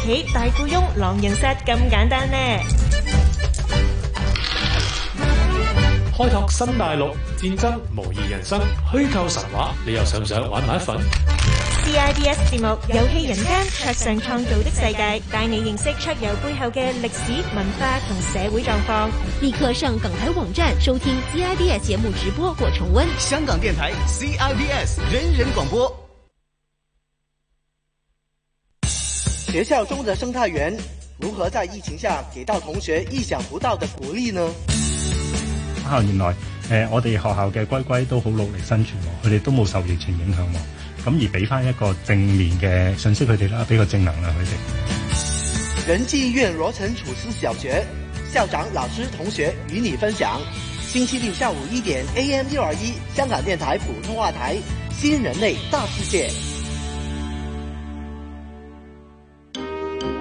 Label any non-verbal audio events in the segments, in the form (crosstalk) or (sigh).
企大富翁、狼人殺咁簡單呢？開拓新大陸、戰爭模擬人生、虛構神話，你又想唔想玩埋一份？CIBS 節目《遊戲人間》，桌上創造的世界，帶你認識桌遊背後嘅歷史、文化同社會狀況。立刻上港台網站收聽 CIBS 節目直播或重温。香港電台 CIBS 人人廣播。學校中的生態園如何在疫情下給到同學意想不到的鼓勵呢？校原來誒、呃，我哋學校嘅龜龜都好努力生存，佢哋都冇受疫情影響，咁而俾翻一個正面嘅信息佢哋啦，俾個正能量佢哋。仁濟醫院羅陳楚思小學校長老師同學與你分享，星期六下午一點 AM 六二一香港電台普通話台，新人類大世界。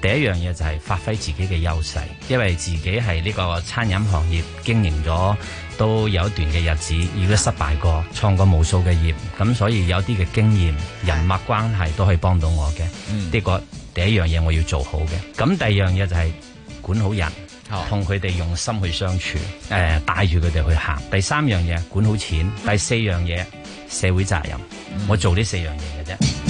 第一樣嘢就係發揮自己嘅優勢，因為自己喺呢個餐飲行業經營咗都有一段嘅日子，亦都失敗過，創過無數嘅業，咁所以有啲嘅經驗、人脈關係都可以幫到我嘅。呢、嗯、個第一樣嘢我要做好嘅。咁第二樣嘢就係管好人，同佢哋用心去相處，誒、呃、帶住佢哋去行。第三樣嘢管好錢，第四樣嘢社會責任，嗯、我做呢四樣嘢嘅啫。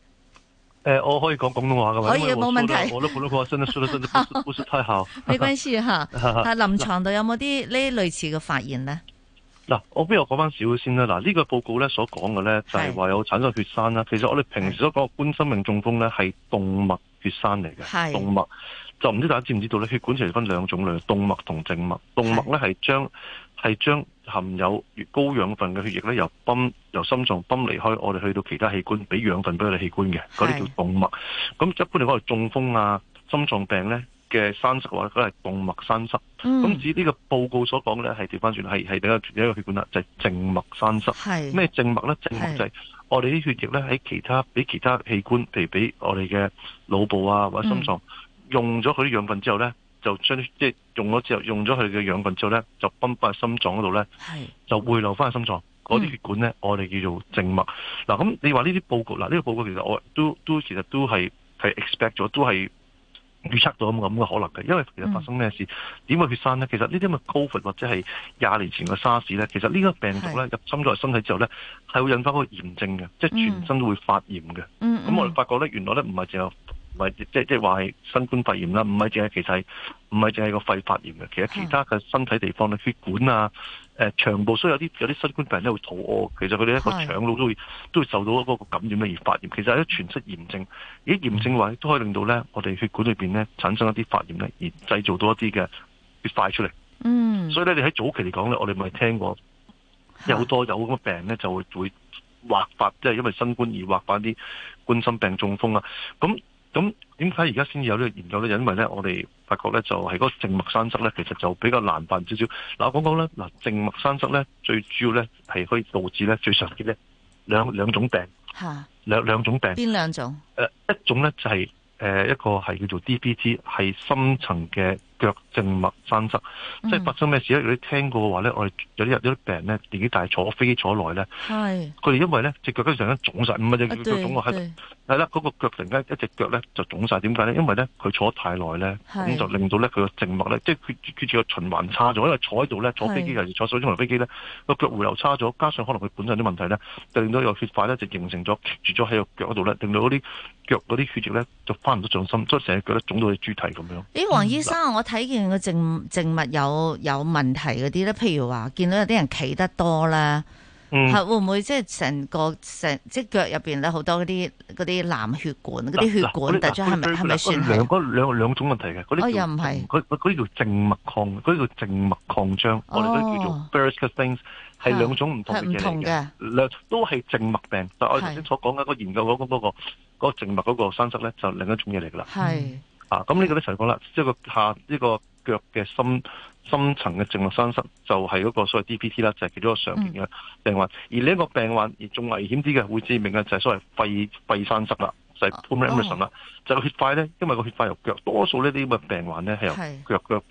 誒、呃，我可以講廣東話噶嘛？可以，冇問題。 (laughs) 我我都普通話，真的說得真的不是， (laughs) 不，是不是太好。沒關事吓，吓但係臨 (laughs) 床度有冇啲呢類似嘅發現咧？嗱，我不如講翻少少先啦。嗱，呢個報告咧所講嘅咧就係話有產生血栓啦。是其實我哋平時所講嘅冠心病、中風咧係動脈血栓嚟嘅，是動脈就唔知大家知唔知道咧？血管其實分兩種類，動脈同靜脈。動脈咧係將係將。是含有越高氧分嘅血液咧，由泵由心臟泵離開，我哋去到其他器官，俾氧分俾我哋器官嘅，嗰啲叫動脈。咁是一般嚟講，係中風啊、心臟病咧嘅栓塞嘅話咧，嗰係動脈栓塞。咁、嗯、至於呢個報告所講嘅咧，係調翻轉，係係一個一個血管啦，就係靜脈栓塞。咩靜脈咧？靜脈就係是我哋啲血液咧喺其他俾其他器官，譬如俾我哋嘅腦部啊或者心臟、嗯、用咗佢啲氧分之後咧。就將即、就是、用咗之後用咗佢嘅養分之後咧，就泵翻去心臟嗰度咧，是就匯流翻去心臟。嗰啲血管咧，嗯、我哋叫做靜脈。嗱、啊，咁你話呢啲報告，嗱、啊、呢、這個報告其實我都都其實都係係 expect 咗，都係預測到咁嘅可能嘅。因為其實發生咩事？點會、嗯、血生咧？其實呢啲咁嘅高 d 或者係廿年前嘅沙士咧，其實呢個病毒咧是入侵咗身體之後咧，係會引發嗰個炎症嘅，嗯、即係全身都會發炎嘅。咁、嗯嗯、我哋發覺咧，原來咧唔係只有。即係即即話係新冠肺炎啦，唔係淨係其實係唔係淨係個肺發炎嘅，其實其他嘅身體地方咧是血管啊，誒、呃、腸部所以有啲有啲新冠肺炎咧會肚屙，其實佢哋一個腸都都會都會受到嗰個感染咧而發炎，其實係一個全身炎症。而，炎症嘅話都可以令到咧我哋血管裏邊咧產生一啲發炎咧而製造到一啲嘅血塊出嚟。嗯，所以咧你喺早期嚟講咧，我哋咪聽過有多有咁嘅病咧就會會滑發，即、就、係、是、因為新冠而滑發啲冠心病、中風啊，咁、嗯。咁點解而家先至有呢個研究咧？因為咧，我哋發覺咧，就係、是、個靜脈栓塞咧，其實就比較難辦少少。嗱、啊，講講咧，嗱、啊、靜脈栓塞咧，最主要咧係可以導致咧最常見咧兩兩種病，兩兩種病。邊兩種？呃、一種咧就係、是、誒、呃、一個係叫做 DVT 係深層嘅。腳靜脈栓塞，即係發生咩事咧？嗯、如果你聽過嘅話咧，我哋有啲有啲病人咧，年紀大坐飛機坐耐咧，係佢哋因為咧隻腳跟上咧腫晒，唔係隻腳都腫喺度係啦，嗰個腳突然間、啊那個、一隻腳咧就腫晒，點解咧？因為咧佢坐得太耐咧，咁是就令到咧佢個靜脈咧，即係缺住嘅循環差咗，因為坐喺度咧坐飛機又是坐上飛機呢，水以啲飛機咧個腳回流差咗，加上可能佢本身啲問題咧，就令到有血塊咧就形成咗，住咗喺個腳嗰度咧，令到啲。嗰啲血液咧就翻唔到重心，所以成日覺得腫到好似豬蹄咁樣。咦，王醫生，我睇見個靜靜脈有有問題嗰啲咧，譬如話見到有啲人企得多咧，嗯，係會唔會即係成個成即係腳入邊咧好多嗰啲啲藍血管嗰啲血管突張係咪係咪算佢？兩兩兩種問題嘅嗰啲，又唔係啲叫靜脈擴，啲叫靜脈擴張，我哋都叫做係兩種唔同嘅嘢嚟嘅，兩都係靜脈病，但係我哋頭先所講嘅個研究嗰、那個嗰個嗰個靜脈嗰個栓塞咧，就是、另一種嘢嚟噶啦。係是啊，咁呢個咧就講啦，即係個下呢個腳嘅深深層嘅靜脈栓塞，就係、是、嗰個，個所謂 DPT 啦，就係、是、一個常見嘅病患。嗯、而呢個病患而仲危險啲嘅會致命嘅，就係、是、所謂肺肺栓塞啦，就係、是、Pulmonary 啦。啊哦、就血塊咧，因為個血塊由腳，多數呢啲咁嘅病患咧係由腳腳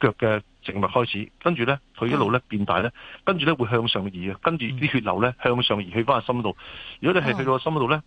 腳嘅。是腳腳的靜脈開始，跟住咧，佢一路咧變大咧，跟住咧會向上移，跟住啲血流咧向上移去翻個心度。如果你係去到個心度咧，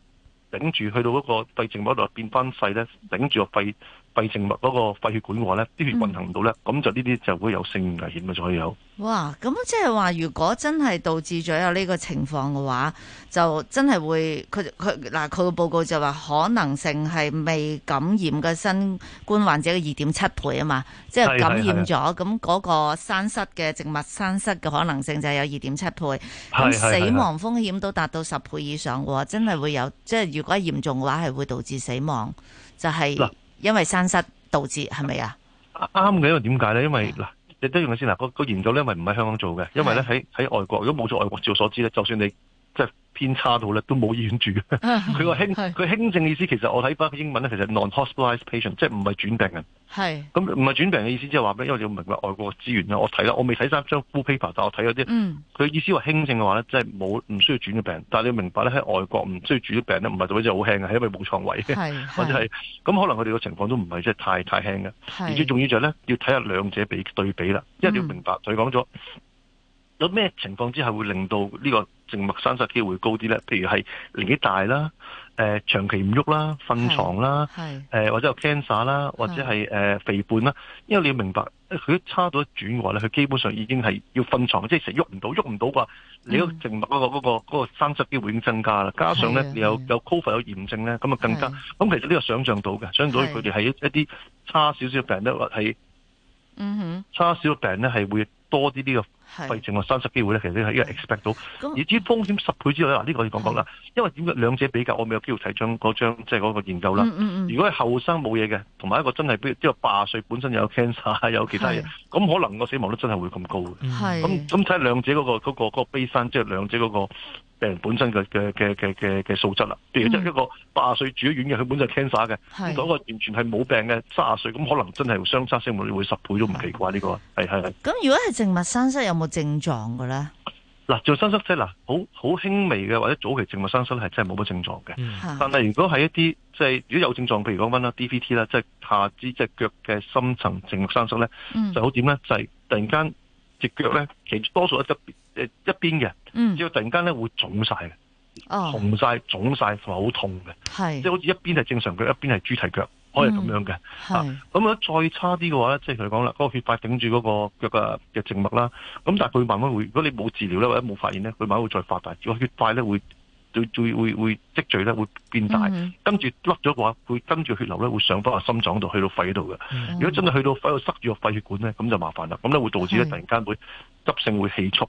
頂住去到嗰個肺靜脈度變翻細咧，頂住個肺。肺靜脈嗰個肺血管話呢啲血運行唔到呢，咁就呢啲就會有性命危險嘅，就可以有。哇！咁即係話，如果真係導致咗有呢個情況嘅話，就真係會佢佢嗱佢嘅報告就話可能性係未感染嘅新冠患者嘅二點七倍啊嘛，即、就、係、是、感染咗，咁嗰是個生室嘅植物生室嘅可能性就係有二點七倍，咁是死亡風險都達到十倍以上嘅真係會有，即、就、係、是、如果嚴重嘅話係會導致死亡，就係、是因為生失導致係咪啊？啱嘅，因為點解咧？因為嗱，你都用下先嗱，個、嗰個研究咧，因為唔喺香港做嘅，因為咧喺喺外國，的如果冇咗外國照所知咧，就算你。即係偏差到咧，都冇醫院住。佢個輕，佢輕 (laughs) 是症嘅意思，其實我睇翻個英文咧，其實 non-hospitalized patient，即係唔係轉病呀。係咁唔係轉病嘅意思，即係話咧，因為你要明白外國資源啦。我睇啦，我未睇三張 full paper，但我睇嗰啲，嗯，佢意思輕話輕症嘅話咧，即係冇唔需要轉嘅病。但係你要明白咧，喺外國唔需要轉嘅病呢，咧，唔係做咩就好輕嘅，係因為冇床位，或者係咁是可能佢哋嘅情況都唔係即係太太輕嘅。是而且重要就係咧，要睇下兩者比對比啦，一定、嗯、要明白，佢講咗。有咩情況之下會令到呢個靜脈栓塞機會高啲咧？譬如係年紀大啦、誒、呃、長期唔喐啦、瞓床啦、呃、或者有 cancer 啦，是或者係誒、呃、肥胖啦。因為你要明白，佢差到一轉轉過咧，佢基本上已經係要瞓床，即係成喐唔到，喐唔到嘅話，你個、嗯、靜脈嗰、那個嗰、那個嗰、那個栓塞機會已經增加啦。加上咧，你有有 covid 有炎症咧，咁啊更加。咁的、嗯、其實呢個想象到嘅，想像到佢哋係一啲差少少病咧，或係、嗯、哼差少少病咧係會多啲呢、這個。費淨話三十機會咧，其實應該 expect 到。而至於風險十倍之外咧，呢個我要講講啦。因為點解兩者比較，我未有機會睇張嗰張即係嗰個研究啦。嗯嗯嗯、如果係後生冇嘢嘅，同埋一個真係即係八十歲本身有 cancer，有其他嘢，咁是可能個死亡率真係會咁高嘅。咁咁睇兩者嗰、那個那個那個悲傷，即、就、係、是、兩者嗰、那個。病人本身嘅嘅嘅嘅嘅嘅素質啦，譬如即係一個八十歲住咗院嘅，佢、嗯、本身 cancer 嘅，如果的個完全係冇病嘅，卅歲咁可能真係相差生活會會十倍都唔奇怪呢的、這個，係係咁如果係靜脈栓塞有冇症狀嘅咧？嗱、就是，靜脈栓塞嗱，好好輕微嘅或者早期靜脈栓塞咧，係真係冇乜症狀嘅。但係如果係一啲即係如果有症狀，譬如講啦 DVT 啦，即係下肢即係腳嘅深層靜脈栓塞咧、嗯，就好點咧？就係突然間隻腳咧，其多數一側。一邊嘅，只要突然間咧會腫晒嘅，紅晒、腫晒同埋好痛嘅，即係好似一邊係正常腳，一邊係豬蹄腳，可以咁樣嘅。咁啊，再差啲嘅話咧，即係佢講啦，嗰個血塊頂住嗰個腳嘅嘅靜脈啦。咁但係佢慢慢會，如果你冇治療咧或者冇發現咧，佢慢慢會再發大。個血塊咧會會會會積聚咧會變大，跟住甩咗嘅話，會跟住血流咧會上翻去心臟度，去到肺度嘅。如果真係去到肺度塞住個肺血管咧，咁就麻煩啦。咁咧會導致咧突然間會急性會氣促。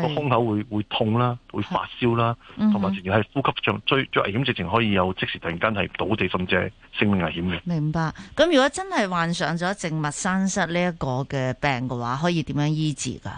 個是胸口會會痛啦，會發燒啦，同埋甚至係呼吸上最最危險，直情可以有即時突然間係倒地，甚至係性命危險嘅。明白。咁如果真係患上咗靜脈栓塞呢一個嘅病嘅話，可以點樣醫治噶？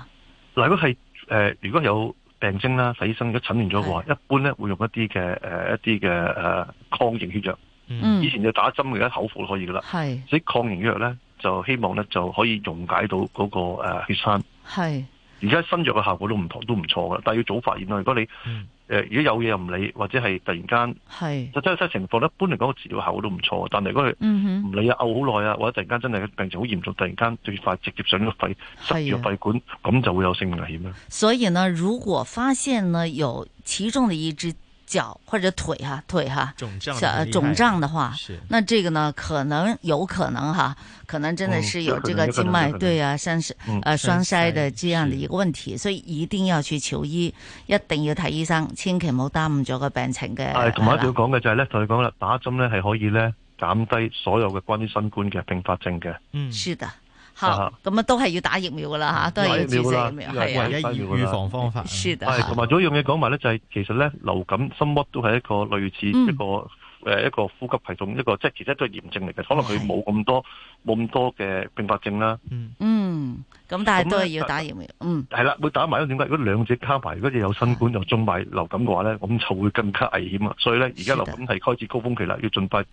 嗱，如果係誒、呃，如果有病徵啦，睇醫生，如果診斷咗嘅話，是一般咧會用一啲嘅誒一啲嘅誒抗凝血藥。嗯、以前要打針，而家口服可以噶啦。係是，所以抗凝血藥咧就希望咧就可以溶解到嗰個誒血栓。係。而家新藥嘅效果都唔同，都唔錯嘅。但係要早發現咯。如果你誒、嗯呃、如果有嘢又唔理，或者係突然間，是實際有啲情況，一般嚟講個治療效果都唔錯。但係如果係唔理啊，嘔好耐啊，或者突然間真係病情好嚴重，突然間最快直接上咗肺塞住肺管，咁的就會有性命危險啦。所以呢，如果發現呢有其中嘅一支。腳或者腿哈、啊，腿哈、啊，腫脹，腫脹的話，是那這個呢可能有可能哈、啊，可能真的是有這個靜脈對啊，栓塞啊，栓塞的這樣的一個問題，嗯、所以一定要去求醫，嗯、一定要睇醫生，是千祈唔好耽誤咗個病情嘅。同埋要講嘅就係咧，同你講啦，打針咧係可以咧減低所有嘅關於新冠嘅併發症嘅。嗯，是的。是是的。吓，咁啊都係要打疫苗噶啦吓，都係注射咁樣，係啊，唯對是一預防方法。係同埋仲有樣嘢講埋咧，就係、是、其實咧流感、心冠都係一個類似一個、嗯、一，個、呃、一個呼吸系統一個，即係其實都係炎症嚟嘅，可能佢冇咁多冇咁的多嘅併發症啦。嗯嗯。嗯。咁但係都係要打疫苗，嗯，係啦，會打埋。點解？如果兩隻加埋，如果你有新冠又中埋流感嘅話咧，咁就會更加危險啊！所以咧，而家流感係開始高峰期啦，要盡快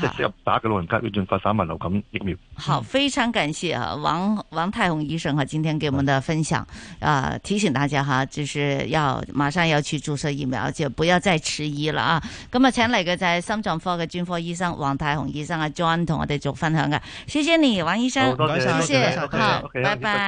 即係入打嘅老人家，要盡快打埋流感疫苗。好，非常感謝啊，王王泰鴻醫生啊，今天給我們的分享啊，提醒大家哈，就是要馬上要去注射疫苗，就不要再遲疑了啊！咁啊，請嚟嘅就係心臟科嘅專科醫生王泰鴻醫生阿 John 同我哋做分享嘅，謝謝你，王醫生，多謝，多謝，好，拜拜。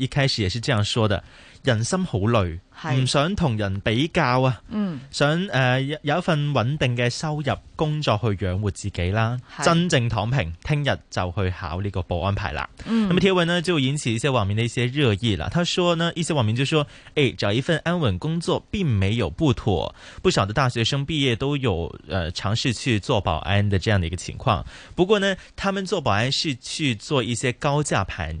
一開始也是這樣說的，人心好累，唔的想同人比較啊，嗯、想誒、呃、有一份穩定嘅收入工作去養活自己啦，的真正躺平，聽日就去考呢個保安牌啦。咁啊、嗯、帖文呢就引起一些網民的一些熱議啦。他說呢，一些網民就說：誒、欸，找一份安穩工作並沒有不妥，不少的大學生畢業都有誒嘗試去做保安的這樣的一個情況。不過呢，他們做保安是去做一些高價盤。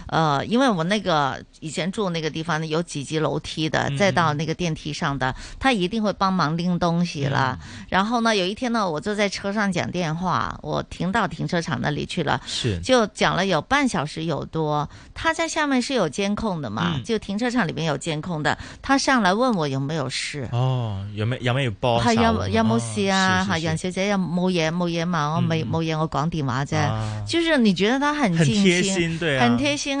呃，因為我那個以前住那個地方呢，有幾級樓梯的，再到那個電梯上的，他一定會幫忙拎東西了。然後呢，有一天呢，我坐在車上講電話，我停到停車場那裏去了，是就講了有半小時有多。他在下面是有監控的嘛，就停車場裏面有監控的。他上來問我有沒有事。哦，有沒有沒有包？他要要冇事啊，哈，楊小姐要冇嘢冇嘢嘛，冇冇嘢我講電話啫。就是你覺得他很很貼心，很貼心。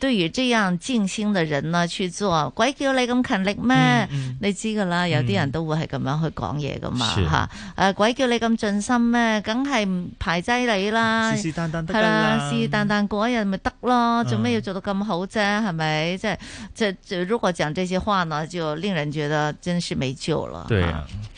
對於這樣盡心的人呢，去做，鬼叫你咁勤力咩？嗯嗯、你知噶啦，有啲人都會係咁樣去講嘢噶嘛，吓是，誒、啊，鬼叫你咁盡心咩？梗係唔排擠你啦，是是但但得啦，是是但但過一日咪得咯，做咩要做到咁好啫？係咪、嗯？即係即係，如果講這些話呢，就令人覺得真是沒救了。對、啊。啊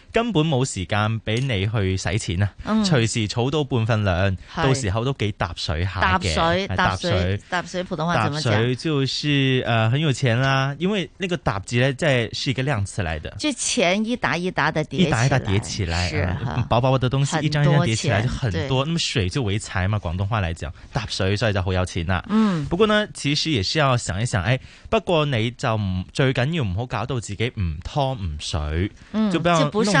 根本冇時間俾你去使錢啊！隨時儲到半份糧，到時候都幾搭水下嘅。搭水搭水搭水，普通話點講？搭水就是誒很有錢啦，因為那個搭字呢，即係是一個量詞嚟的。就錢一沓一沓的疊，一沓一沓疊起來，薄薄的東西一張一張疊起來就很多。那麼水就為財嘛，廣東話嚟講搭水，所以就好有錢啦。嗯。不過呢，其實也是要想一想，誒，不過你就唔最緊要唔好搞到自己唔湯唔水。嗯。就不要。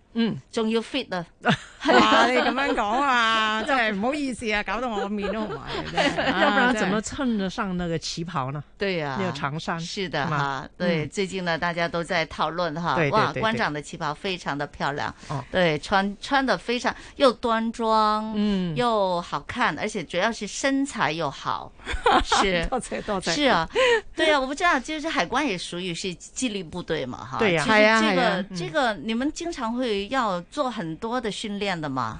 嗯，仲要 fit 了啊！哇，你咁樣講啊，真係唔好意思啊，搞到我面都埋，要不然怎麼襯得上那個旗袍呢？對啊，要長衫。是的哈，對，最近呢，大家都在討論哈，哇，關長的旗袍非常的漂亮，哦，對，穿穿得非常又端莊，嗯，又好看，而且主要是身材又好，是，是啊，對啊，我不知道，就是海關也屬於是紀律部隊嘛，哈，對呀，其實這個這個你們經常會。要做很多的訓練的嘛？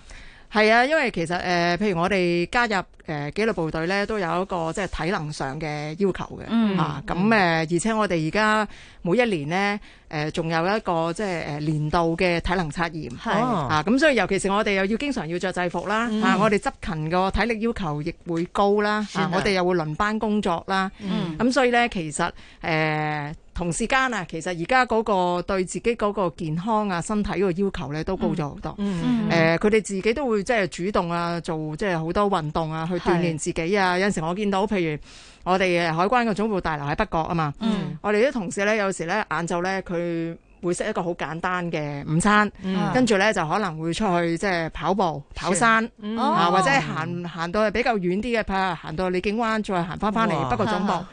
係啊，因為其實誒、呃，譬如我哋加入誒紀律部隊咧，都有一個即係體能上嘅要求嘅，吓咁誒，啊呃嗯、而且我哋而家每一年呢，誒、呃、仲有一個即係誒、呃、年度嘅體能測驗，係、哦、啊，咁所以尤其是我哋又要經常要着制服啦，吓、嗯啊、我哋執勤個體力要求亦會高啦，的啊、我哋又會輪班工作啦，嗯，咁、啊、所以咧其實誒。呃同時間啊，其實而家嗰個對自己嗰個健康啊、身體嗰個要求咧都高咗好多。誒，佢哋自己都會即係主動啊，做即係好多運動啊，去鍛鍊自己啊。是有陣時我見到，譬如我哋海關嘅總部大樓喺北角啊嘛，嗯、我哋啲同事咧有時咧晏晝咧，佢會食一個好簡單嘅午餐，嗯、跟住咧就可能會出去即係跑步、跑山、嗯、啊，哦、或者行行到比較遠啲嘅，譬如行到李景灣，再行翻翻嚟北角總部，哈哈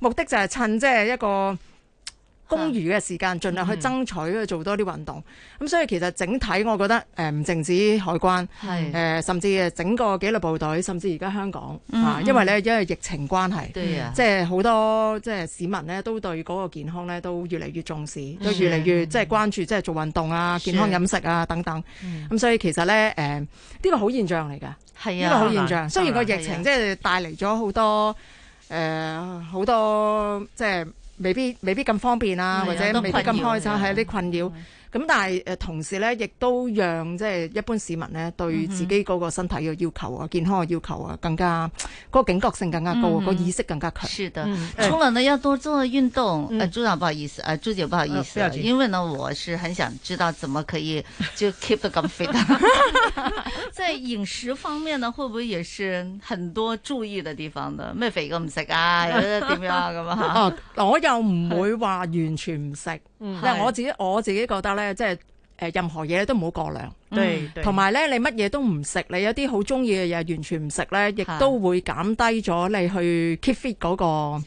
目的就係趁即係一個。空餘嘅時間，盡量去爭取去做多啲運動。咁所以其實整體，我覺得誒唔淨止海關，誒甚至整個紀律部隊，甚至而家香港啊，因為咧因為疫情關係，即係好多即係市民咧都對嗰個健康咧都越嚟越重視，都越嚟越即係關注，即係做運動啊、健康飲食啊等等。咁所以其實咧誒，呢個好現象嚟㗎，呢個好現象。雖然個疫情即係帶嚟咗好多誒好多即係。未必未必咁方便啊，啊或者未必咁開心，係有啲困擾、啊。咁、嗯、但係誒、呃、同時咧，亦都讓即係一般市民咧對自己嗰個身體嘅要求啊、嗯、哼健康嘅要求啊，更加、嗰個警覺性更加高、啊，嗯、哼個意識更加強，是的，沖涼呢要多做運動。誒、嗯，朱、啊、長不好意思，誒、啊、朱姐不好意思，啊、意因為呢我是很想知道，怎麼可以就 keep 到咁 fit。在飲食方面呢，會唔會也是很多注意嘅地方呢？咩肥嘅唔食啊？點樣咁樣哦，我又唔會話完全唔食，是但我自己我自己覺得咧。誒，即係誒，任何嘢都唔好過量，對，同埋咧，你乜嘢都唔食，你有啲好中意嘅嘢完全唔食咧，亦都會減低咗你去 keep fit 嗰個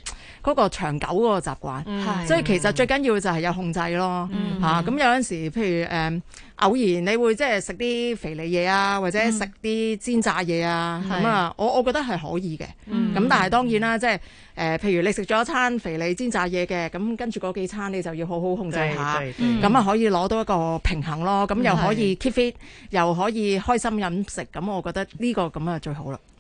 嗰個長久嗰個習慣，嗯、所以其實最緊要就係有控制咯，吓咁、嗯啊、有陣時，譬如誒、呃、偶然你會即係食啲肥膩嘢啊，或者食啲、嗯、煎炸嘢啊咁、嗯、啊，我我覺得係可以嘅。咁、嗯、但係當然啦，即係誒、呃，譬如你食咗一餐肥膩煎炸嘢嘅，咁跟住嗰幾餐你就要好好控制下，咁啊、嗯、可以攞到一個平衡咯。咁又可以 keep fit，又可以開心飲食。咁我覺得呢個咁啊最好啦。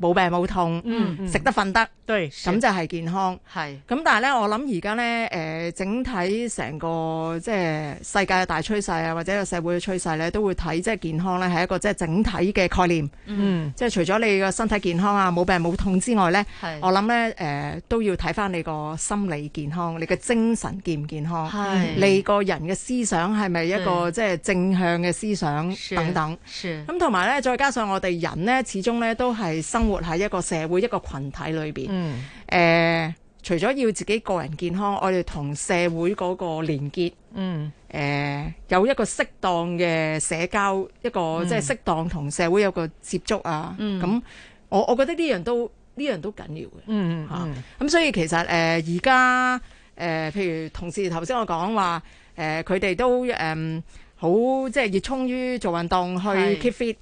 冇病冇痛，嗯嗯、食得瞓得，咁就係健康。係咁是、嗯，但係咧，我諗而家咧，誒、呃，整體成個即係、呃呃、世界嘅大趨勢啊，或者個社會嘅趨勢咧，都會睇即係健康咧係一個即係整體嘅概念。嗯，即係除咗你個身體健康啊冇病冇痛之外咧，是我諗咧誒都要睇返你個心理健康，你嘅精神健唔健康？是你個人嘅思想係咪一個對即係正向嘅思想是等等？咁同埋咧，再加上我哋人咧，始終咧都係生。活喺一個社會，一個群體裏邊，誒、嗯呃，除咗要自己個人健康，我哋同社會嗰個連結，誒、嗯呃，有一個適當嘅社交，一個、嗯、即係適當同社會有個接觸啊。咁、嗯、我我覺得呢樣都呢樣都緊要嘅、嗯。嗯嗯，吓咁、啊、所以其實誒而家誒，譬如同事頭先我講話，誒、呃，佢哋都誒。嗯好，即係熱衷於做運動去 keep fit，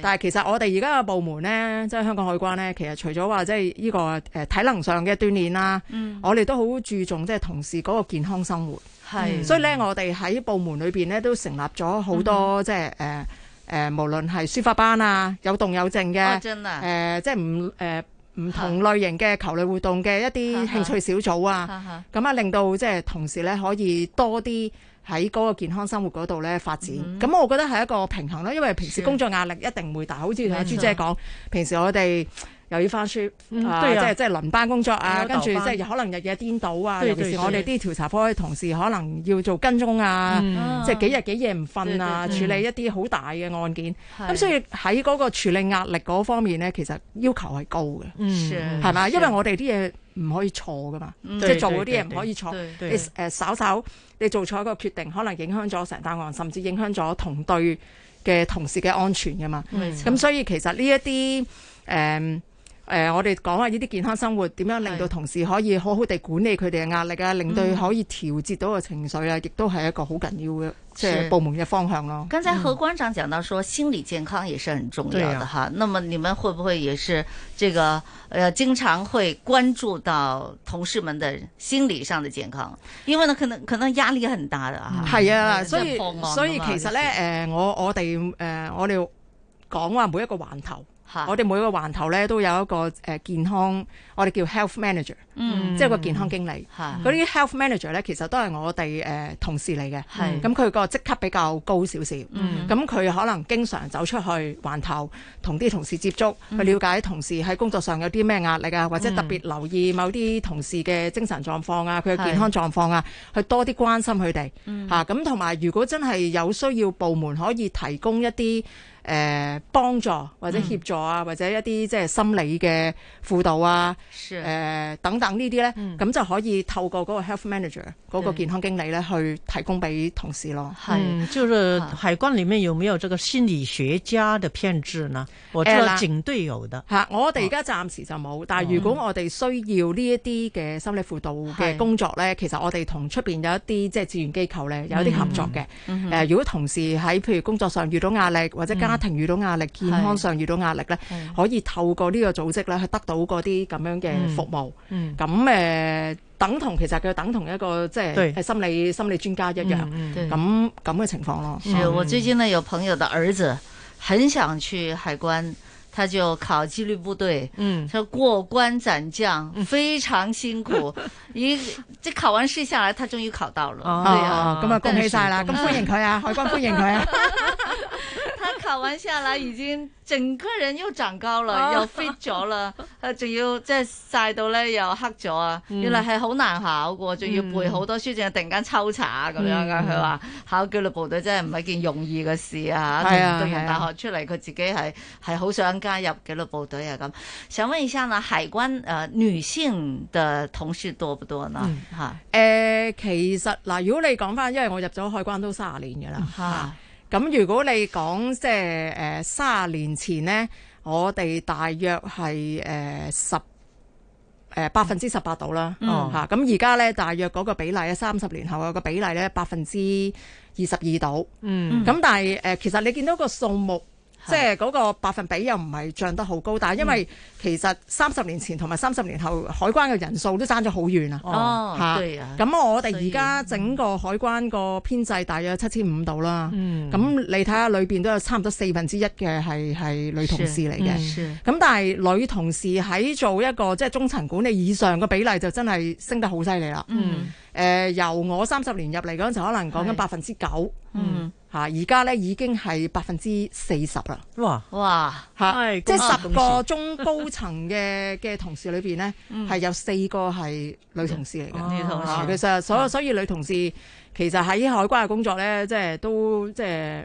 但係其實我哋而家嘅部門呢，即係香港海關呢，其實除咗話即係呢、呢個誒、呃、體能上嘅鍛煉啦、啊，嗯、我哋都好注重即係同事嗰個健康生活。係、嗯，所以呢，我哋喺部門裏面呢，都成立咗好多、嗯、哼即係誒誒，無論係書法班啊，有動有靜嘅誒、哦呃，即係唔唔同類型嘅球類活動嘅一啲興趣小組啊，咁啊哈令到即係同事呢，可以多啲，喺嗰個健康生活嗰度咧發展，咁、嗯、我覺得係一個平衡啦。因為平時工作壓力一定唔會大，的好似同阿朱姐講，的平時我哋。又要翻書啊，即係即係輪班工作啊，跟住即係可能日夜顛倒啊。尤其是我哋啲調查科嘅同事，可能要做跟蹤啊，即係幾日幾夜唔瞓啊，處理一啲好大嘅案件。咁所以喺嗰個處理壓力嗰方面呢，其實要求係高嘅，係嘛？因為我哋啲嘢唔可以錯㗎嘛，即係做嗰啲嘢唔可以錯。你稍稍你做錯一個決定，可能影響咗成單案，甚至影響咗同隊嘅同事嘅安全㗎嘛。咁所以其實呢一啲誒誒、呃，我哋講下呢啲健康生活點樣令到同事可以好好地管理佢哋嘅壓力啊，是令到可以調節到個情緒啊，亦都係一個好緊要嘅即係部門嘅方向咯。剛才何關長講到說，說、嗯、心理健康也是很重要的。嚇、啊。那麼你們會不會也是這個誒、呃、經常會關注到同事們的心理上的健康？因為呢可能可能壓力很大的啊。係啊、嗯，嗯、所以所以，所以其實呢，誒的、呃，我我哋誒、呃、我哋講話每一個環頭。我哋每個環頭咧都有一個誒健康，我哋叫 health manager。嗯，即係個健康經理，嗰啲 health manager 咧，其實都係我哋誒同事嚟嘅。係，咁佢個職級比較高少少。嗯，咁佢可能經常走出去環頭，同啲同事接觸，去了解同事喺工作上有啲咩壓力啊，或者特別留意某啲同事嘅精神狀況啊，佢嘅健康狀況啊，去多啲關心佢哋。嗯，嚇，咁同埋，如果真係有需要，部門可以提供一啲誒幫助或者協助啊，或者一啲即係心理嘅輔導啊，誒等等。等呢啲咧，咁就可以透過嗰個 health manager 嗰個健康經理咧，去提供俾同事咯。係，即係係海關裡面，有冇呢個心理學家嘅編制呢？我知道警隊有的。嚇，我哋而家暫時就冇，但係如果我哋需要呢一啲嘅心理輔導嘅工作咧，其實我哋同出邊有一啲即係志願機構咧，有一啲合作嘅。誒，如果同事喺譬如工作上遇到壓力，或者家庭遇到壓力、健康上遇到壓力咧，可以透過呢個組織咧去得到嗰啲咁樣嘅服務。咁誒、呃，等同其實佢等同一個即係係心理對心理專家一樣，咁咁嘅情況咯。是嗯、我最近呢有朋友嘅兒子很想去海關。他就考紀律部隊，嗯，佢過關斬將，非常辛苦，一即係考完試下來，他終於考到了。啊，咁啊恭喜晒啦，咁歡迎佢啊，海關歡迎佢啊。他考完下來已經整個人又長高啦，又 fit 咗啦，仲要即係曬到咧又黑咗啊，原來係好難考噶，仲要背好多書，仲要突然間抽查咁樣噶，佢話考紀律部隊真係唔係一件容易嘅事啊吓。係啊，係大學出嚟，佢自己係，係好想。加入紀律部隊呀咁，想問一下呢海關誒、呃、女性嘅同事多不多呢？吓誒、嗯呃，其實嗱、呃，如果你講翻，因為我入咗海關都卅年噶啦，吓咁如果你講即係誒卅年前呢，我哋大約係誒十誒百分之十八度啦，吓咁而家呢，大約嗰個比例咧，三十年後有個比例呢，百分之二十二度，嗯，咁但係誒、呃、其實你見到個數目。即係嗰個百分比又唔係漲得好高，但係因為其實三十年前同埋三十年後海關嘅人數都爭咗好遠、哦、啊！哦、啊，嚇，咁我哋而家整個海關個編制大約七千五度啦。咁、嗯、你睇下裏邊都有差唔多四分之一嘅係係女同事嚟嘅。咁、嗯、但係女同事喺做一個即係中層管理以上嘅比例就真係升得好犀利啦。嗯，誒、呃，由我三十年入嚟嗰陣時可能講緊百分之九。是嗯。嚇！而家咧已經係百分之四十啦。哇！哇！嚇哈！即係十個中高層嘅嘅同事裏邊咧，係有四個係女同事嚟嘅。女同事其實所以所以女同事其實喺海關嘅工作咧，即係都即係。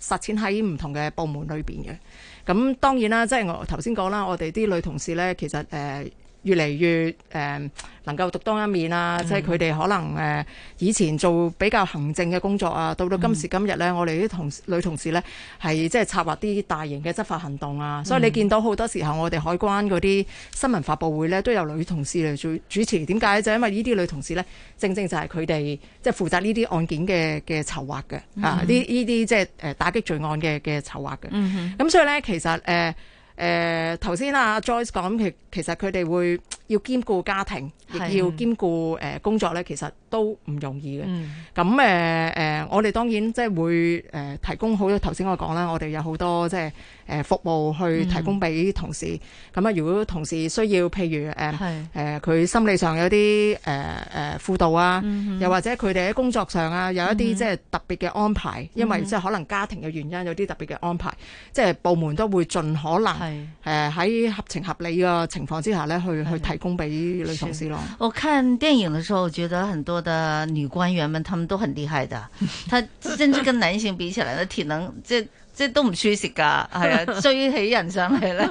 實踐喺唔同嘅部門裏面嘅，咁當然啦，即係我頭先講啦，我哋啲女同事呢，其實誒。呃越嚟越誒、呃、能夠獨當一面啊！嗯、即係佢哋可能誒、呃、以前做比較行政嘅工作啊，到到今時今日呢，嗯、我哋啲同女同事呢係即係策劃啲大型嘅執法行動啊！嗯、所以你見到好多時候，我哋海關嗰啲新聞發佈會呢，都有女同事嚟主主持。點解？就因為呢啲女同事呢，正正就係佢哋即係負責呢啲案件嘅嘅籌劃嘅、嗯、啊！呢呢啲即係誒打擊罪案嘅嘅籌劃嘅。咁、嗯、哼所以呢，其實誒。呃誒，頭先、呃、啊 Joyce 講其其實佢哋會。要兼顧家庭，亦要兼顧誒工作咧，的其實都唔容易嘅。咁誒誒我哋當然即係會誒提供好多頭先我講啦，我哋有好多即係誒服務去提供俾同事。咁啊、嗯，如果同事需要，譬如誒誒佢心理上有啲誒誒輔導啊，嗯、哼又或者佢哋喺工作上啊有一啲即係特別嘅安排，嗯、哼因為即係可能家庭嘅原因有啲特別嘅安排，嗯、哼即係部門都會盡可能誒喺的、呃、合情合理嘅情況之下咧去去提供俾女同事咯。我看電影的時候，我覺得很多的女官員們，他們都很厲害的。他甚至跟男性比起來，啲體能即即都唔輸蝕㗎。係 (laughs) 啊，追起人上嚟咧，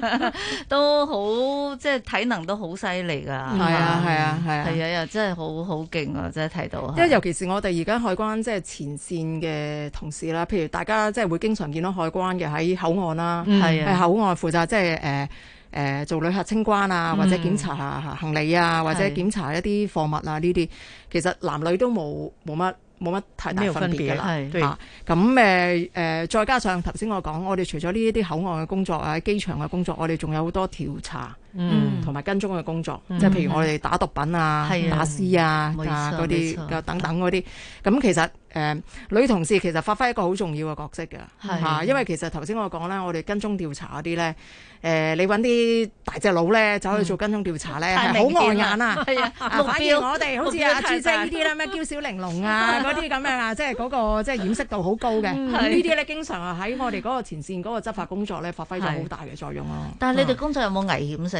都好即體能都好犀利㗎。係、嗯、啊，係啊，係啊，啊，真係好好勁啊！真係睇到。因為尤其是我哋而家海關即前線嘅同事啦，譬如大家即會經常見到海關嘅喺口岸啦，喺、嗯是啊、口岸負責即誒。呃誒、呃，做旅客清關啊，或者檢查行李啊，嗯、或者檢查一啲貨物啊，呢啲是其實男女都冇冇乜冇乜太大分別啦咁，誒誒，再加上頭先我講，我哋除咗呢一啲口岸嘅工作啊，喺機場嘅工作，我哋仲有好多調查。嗯，同埋跟蹤嘅工作，即係譬如我哋打毒品啊、打私啊、嗰啲等等嗰啲，咁其實誒女同事其實發揮一個好重要嘅角色嘅，嚇，因為其實頭先我講咧，我哋跟蹤調查嗰啲咧，誒你揾啲大隻佬咧走去做跟蹤調查咧，好礙眼啊，係啊，反而我哋好似阿朱晶呢啲啦，咩嬌小玲瓏啊嗰啲咁樣啊，即係嗰個即係掩飾度好高嘅，呢啲咧經常啊喺我哋嗰個前線嗰個執法工作咧發揮咗好大嘅作用咯。但係你哋工作有冇危險性？其實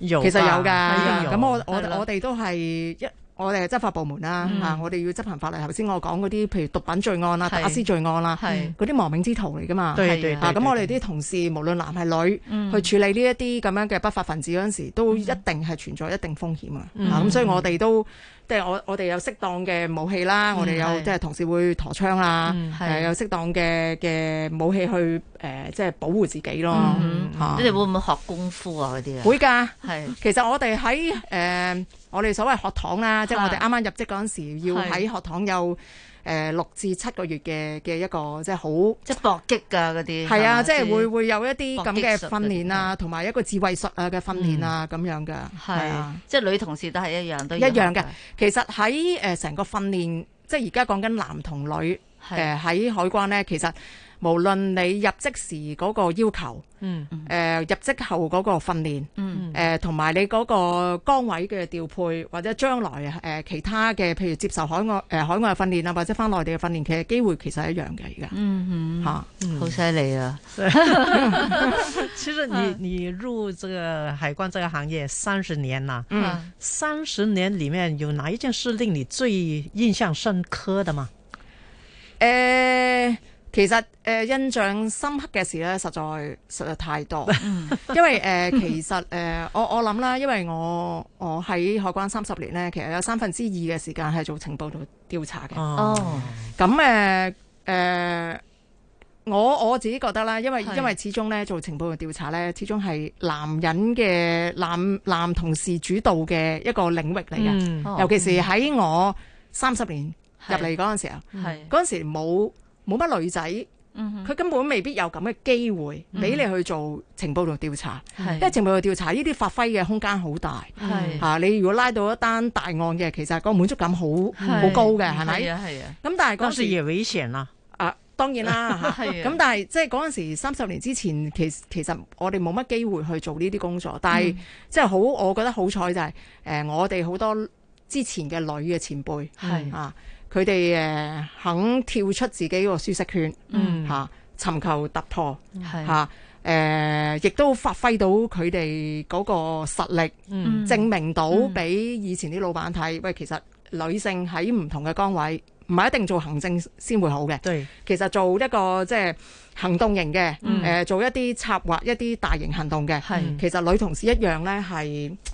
有噶，咁我我哋都係一，我哋係執法部門啦，啊，我哋要執行法例。頭先我講嗰啲，譬如毒品罪案啦、打私罪案啦，嗰啲亡命之徒嚟噶嘛。係咁我哋啲同事，無論男係女，去處理呢一啲咁樣嘅不法分子嗰陣時，都一定係存在一定風險啊。咁所以我哋都，即係我我哋有適當嘅武器啦，嗯、我哋有的即係同事會陀槍啦，誒、嗯呃、有適當嘅嘅武器去誒、呃、即係保護自己咯。你哋會唔會學功夫啊？嗰啲啊會㗎的，係的其實我哋喺誒我哋所謂學堂啦，即係我哋啱啱入職嗰陣時的要喺學堂有。誒六、呃、至七個月嘅嘅一個即係好，即係搏擊㗎嗰啲，係啊，即係會會有一啲咁嘅訓練啊，同埋一個智慧術啊嘅訓練啊咁、嗯、樣嘅，係啊，係即係女同事都係一樣都一樣嘅。的其實喺誒成個訓練，即係而家講緊男同女誒喺的、呃、海關呢，其實。無論你入職時嗰個要求，嗯，誒，入職後嗰個訓練，嗯，誒、呃，同埋、嗯嗯呃、你嗰個崗位嘅調配，或者將來誒、呃、其他嘅，譬如接受海外誒、呃、海外訓練啊，或者翻內地嘅訓練，其實機會其實係一樣嘅，而家，嗯哼，吓、嗯，好犀利啊！ (laughs) (laughs) 其實你你入這個海關這個行業三十年啦，嗯，三十年，嗯、三十年裏面有哪一件事令你最印象深刻的嘛？誒、呃。其實誒、呃、印象深刻嘅事咧，實在實在太多， (laughs) 因為誒、呃、其實誒、呃、我我諗啦，因為我我喺海關三十年咧，其實有三分之二嘅時間係做情報度調查嘅。哦，咁誒誒我我自己覺得啦，因為是因為始終咧做情報度調查咧，始終係男人嘅男男同事主導嘅一個領域嚟嘅，嗯、尤其是喺我三十年入嚟嗰陣時候，係嗰陣時冇。冇乜女仔，佢、嗯、哼根本未必有咁嘅機會俾你去做情報度調查，嗯、哼因為情報度調查呢啲發揮嘅空間好大，啊是、啊、你如果拉到一單大案嘅，其實個滿足感好好是高嘅，係咪？係啊係啊。咁、啊嗯、但係嗰時而為以前啦，當了啊當然啦，咁、 (laughs) 啊啊、但係即係嗰陣時三十年之前，其實其實我哋冇乜機會去做呢啲工作，但係、嗯、即係好，我覺得好彩就係、是、誒、呃，我哋好多之前嘅女嘅前輩係、嗯、啊。佢哋誒肯跳出自己個舒適圈，嚇、嗯啊、尋求突破，嚇誒是、啊呃、亦都發揮到佢哋嗰個實力，嗯、證明到俾以前啲老闆睇，嗯、喂，其實女性喺唔同嘅崗位唔係一定做行政先會好嘅。對其實做一個即係、就是、行動型嘅誒、嗯呃，做一啲策劃、一啲大型行動嘅，是其實女同事一樣咧係。是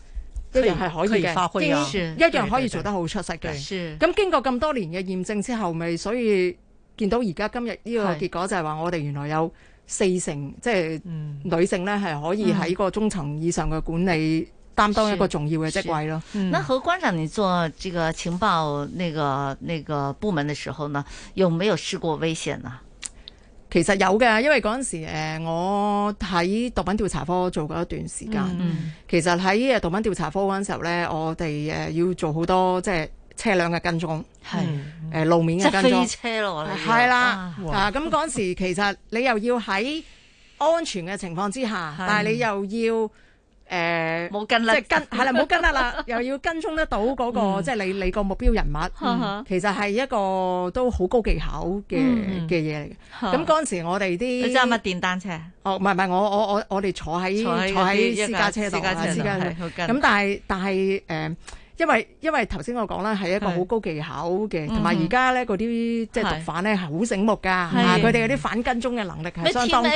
一樣係可以嘅，一、啊、樣可以做得好出色嘅。咁經過咁多年嘅驗證之後，咪所以見到而家今日呢個結果就係話，我哋原來有四成是即係女性咧係可以喺個中層以上嘅管理擔當一個重要嘅職位咯。那何關長，你做這個情報那個那個、部門嘅時候呢，有沒有試過危險呢、啊？其實有嘅，因為嗰陣時我喺毒品調查科做過一段時間。嗯嗯，其實喺誒毒品調查科嗰陣時候咧，我哋誒要做好多即係車輛嘅跟蹤，係誒的路面嘅跟蹤車咯，係啦。嗱咁嗰陣時其實你又要喺安全嘅情況之下，的但係你又要。誒，冇跟啦即係跟，係啦，冇跟啦啦，又要跟蹤得到嗰個，即係你你個目標人物，其實係一個都好高技巧嘅嘅嘢，嚟嘅。咁嗰陣時我哋啲揸乜電單車哦，唔係唔係，我我我我哋坐喺坐喺私家車度啊，私家車咁，但係但係誒。因為因為頭先我講啦，係一個好高技巧嘅，同埋而家咧嗰啲即係毒販咧係好醒目㗎，係佢哋嗰啲反跟蹤嘅能力係相當高。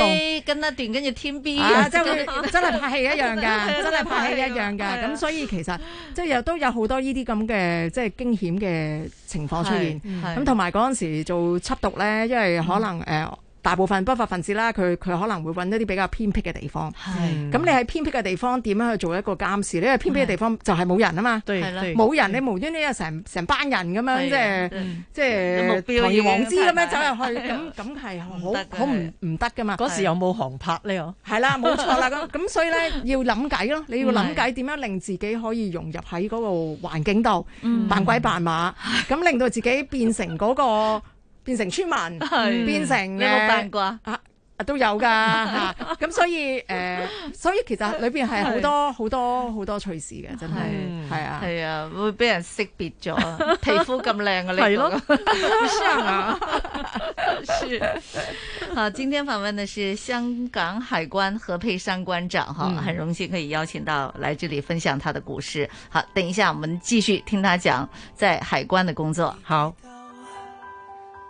跟一段跟住 t B 啊，真係真係拍戲一樣㗎，真係拍戲一樣㗎。咁所以其實即係又都有好多呢啲咁嘅即係驚險嘅情況出現，咁同埋嗰陣時做緝毒咧，因為可能誒。大部分不法分子啦，佢佢可能會揾一啲比較偏僻嘅地方。係。咁你喺偏僻嘅地方點樣去做一個監視？因為偏僻嘅地方就係冇人啊嘛。對，係啦。冇人你無端端又成成班人咁樣，即係即係重而忘之咁樣走入去，咁咁係好好唔唔得噶嘛。嗰時有冇航拍咧？哦。係啦，冇錯啦。咁咁所以咧要諗計咯，你要諗計點樣令自己可以融入喺嗰個環境度扮鬼扮馬，咁令到自己變成嗰個。變成村民，是變成你冇辦過啊？都有噶嚇，咁、 (laughs) 啊、所以誒、呃，所以其實裏邊係好多好是多好多趣事嘅，真係係是啊，係啊，會俾人識別咗 (laughs) 皮膚咁靚嘅你。個，係咯，唔識 (laughs) 像啊。 (laughs) 是，好，今天訪問的是香港海關何佩珊關長，哈，嗯、很榮幸可以邀請到來這裡分享他的故事。好，等一下，我們繼續聽他講在海關的工作。好。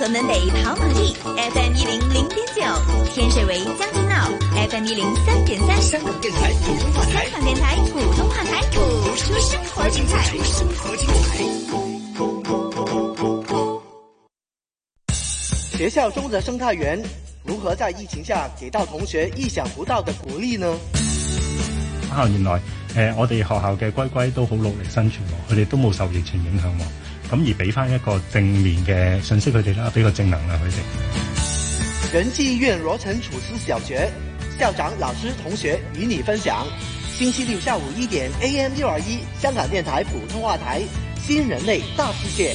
屯門北跑馬地 FM 一零零點九，99，天水圍將軍澳 FM 一零三點三，香港電台普通話台，香港電台普通話台，播出生活精彩。學校中的生態園如何在疫情下給到同學意想不到的鼓勵呢？校原來，誒、呃，我哋學校嘅龜龜都好努力生存，佢哋都冇受疫情影響。咁而俾翻一個正面嘅信息佢哋啦，俾個正能量佢哋。仁濟醫院羅陳楚思小學校長老師同學與你分享，星期六下午一點，AM 六二一香港電台普通話台《新人類大世界》。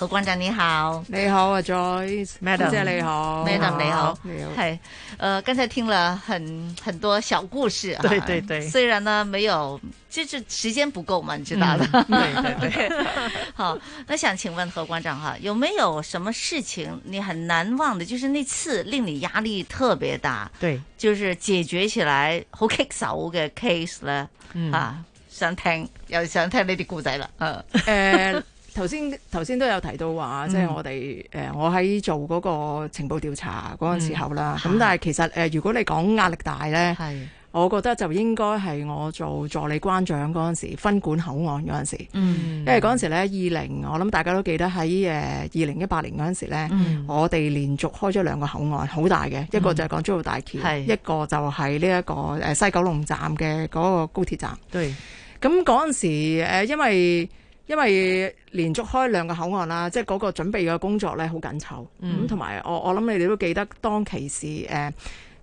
何關長你好，你好啊 Joyce，Madam，多謝你好，Madam 你好，你好，係，呃，剛才聽了很很多小故事，對對對，雖然呢沒有，就是時間不夠嘛，你知道了，對對對，好，那想請問何關長哈，有沒有什麼事情你很難忘的，就是那次令你壓力特別大，對，就是解決起來好棘手嘅 case 嗯。啊，想聽又想聽呢啲故仔啦，嗯。頭先頭先都有提到話，嗯、即係我哋誒、呃，我喺做嗰個情報調查嗰陣時候啦。咁、嗯、但係其實誒、呃，如果你講壓力大呢，係，我覺得就應該係我做助理關長嗰陣時，分管口岸嗰陣時。嗯。因為嗰陣時呢，二零我諗大家都記得喺誒二零一八年嗰陣時呢，嗯、我哋連續開咗兩個口岸，好大嘅，嗯、一個就係港珠澳大橋，係，一個就係呢一個、呃、西九龍站嘅嗰個高鐵站。對。咁嗰陣時、呃、因為因為連續開兩個口岸啦，即係嗰個準備嘅工作呢，好緊湊，咁同埋我我諗你哋都記得當其時誒、呃、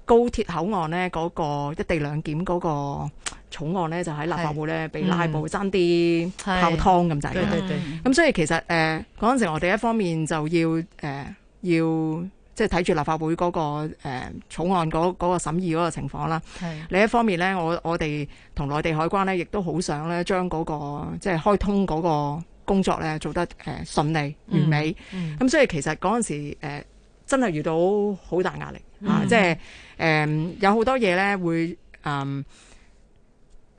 高鐵口岸呢，嗰、嗰個一地兩檢嗰個草案呢，就喺立法會呢是被拉布爭啲泡湯咁滯啦，咁所以其實誒嗰陣時我哋一方面就要誒、呃、要。即係睇住立法會嗰、那個、呃、草案嗰嗰、那個審議嗰個情況啦。是另一方面呢，我我哋同內地海關呢，亦都好想呢將嗰個即係開通嗰個工作呢做得誒、呃、順利完美。咁、嗯嗯啊、所以其實嗰陣時、呃、真係遇到好大壓力、嗯、啊！即、就、係、是呃、有好多嘢呢會、呃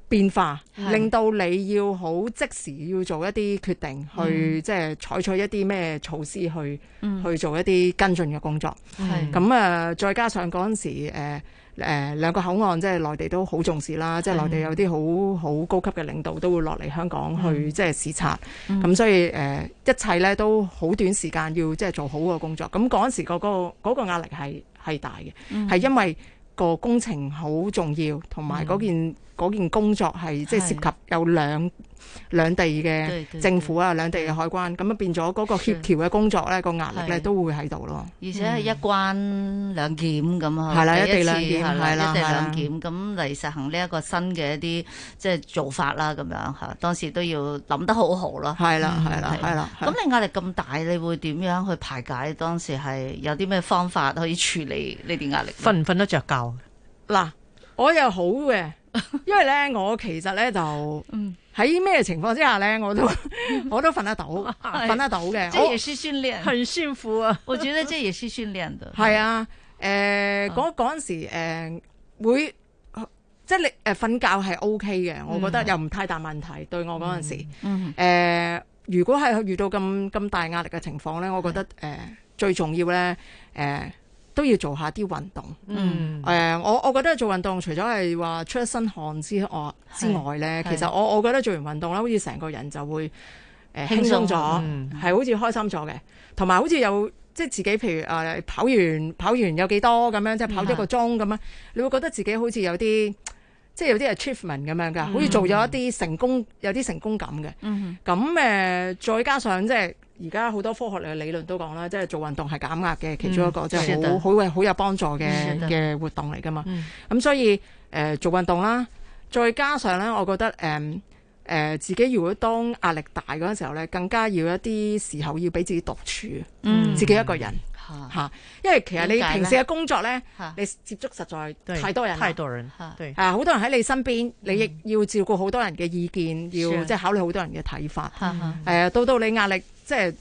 變化令到你要好即時要做一啲決定，嗯、去即係採取一啲咩措施去、嗯、去做一啲跟進嘅工作。咁啊的、呃，再加上嗰陣時、呃呃、兩個口岸，即係內地都好重視啦，的即係內地有啲好好高級嘅領導都會落嚟香港去，的去即係視察。咁、嗯、所以、呃、一切咧都好短時間要即係做好個工作。咁嗰陣時、嗰個嗰、嗰個嗰壓力係係大嘅，係因為。個工程好重要，同埋嗰件嗰、嗯、件工作係即係涉及有兩兩地嘅政府啊，兩地嘅海關，咁啊變咗嗰個協調嘅工作咧，個壓力咧都會喺度咯。而且係一關兩檢咁啊，係啦，一地兩檢，係啦，一地兩檢咁嚟實行呢一個新嘅一啲即係做法啦。咁樣吓，當時都要諗得好好咯。係啦，係啦，係啦。咁你壓力咁大，你會點樣去排解？當時係有啲咩方法可以處理呢啲壓力？瞓唔瞓得着覺？嗱，我又好嘅，因為咧我其實咧就嗯。喺咩情況之下咧，我都我都瞓得到，瞓、 (laughs) 啊、得到嘅。即係這也是訓練，oh, 很辛苦啊！我覺得即係這也是訓練嘅。係 (laughs) 啊，誒嗰嗰陣時、呃、會，即係你誒瞓、呃、覺係 OK 嘅，我覺得又唔太大問題。嗯、對我嗰陣時，誒、嗯呃、如果係遇到咁咁大壓力嘅情況咧，我覺得誒的、呃、最重要咧誒。呃都要做下啲運動。誒、嗯呃，我我覺得做運動除咗係話出一身汗之外之外咧，其實我我覺得做完運動咧，好似成個人就會誒、呃、輕鬆咗，係、嗯、好似開心咗嘅。同埋好似有即係自己譬如誒、啊、跑完跑完有幾多咁樣，即係跑咗個鐘咁樣，嗯、你會覺得自己好似有啲即係有啲 achievement 咁樣嘅，好似做咗一啲成功有啲成功感嘅。咁誒、嗯呃，再加上即係。而家好多科學嘅理論都講啦，即係做運動係減壓嘅其中一個，即係好好好有幫助嘅嘅活動嚟㗎嘛。咁，嗯，所以呃做運動啦，再加上咧，我覺得，嗯呃、自己如果當壓力大嗰陣時候咧，更加要一啲時候要俾自己獨處，嗯、自己一個人、啊、因為其實你平時嘅工作咧，啊、你接觸實在太多人，太多人嚇，好多人喺你身邊，嗯、你亦要照顧好多人嘅意見，要、啊、即係考慮好多人嘅睇法，啊啊呃、到到你壓力即係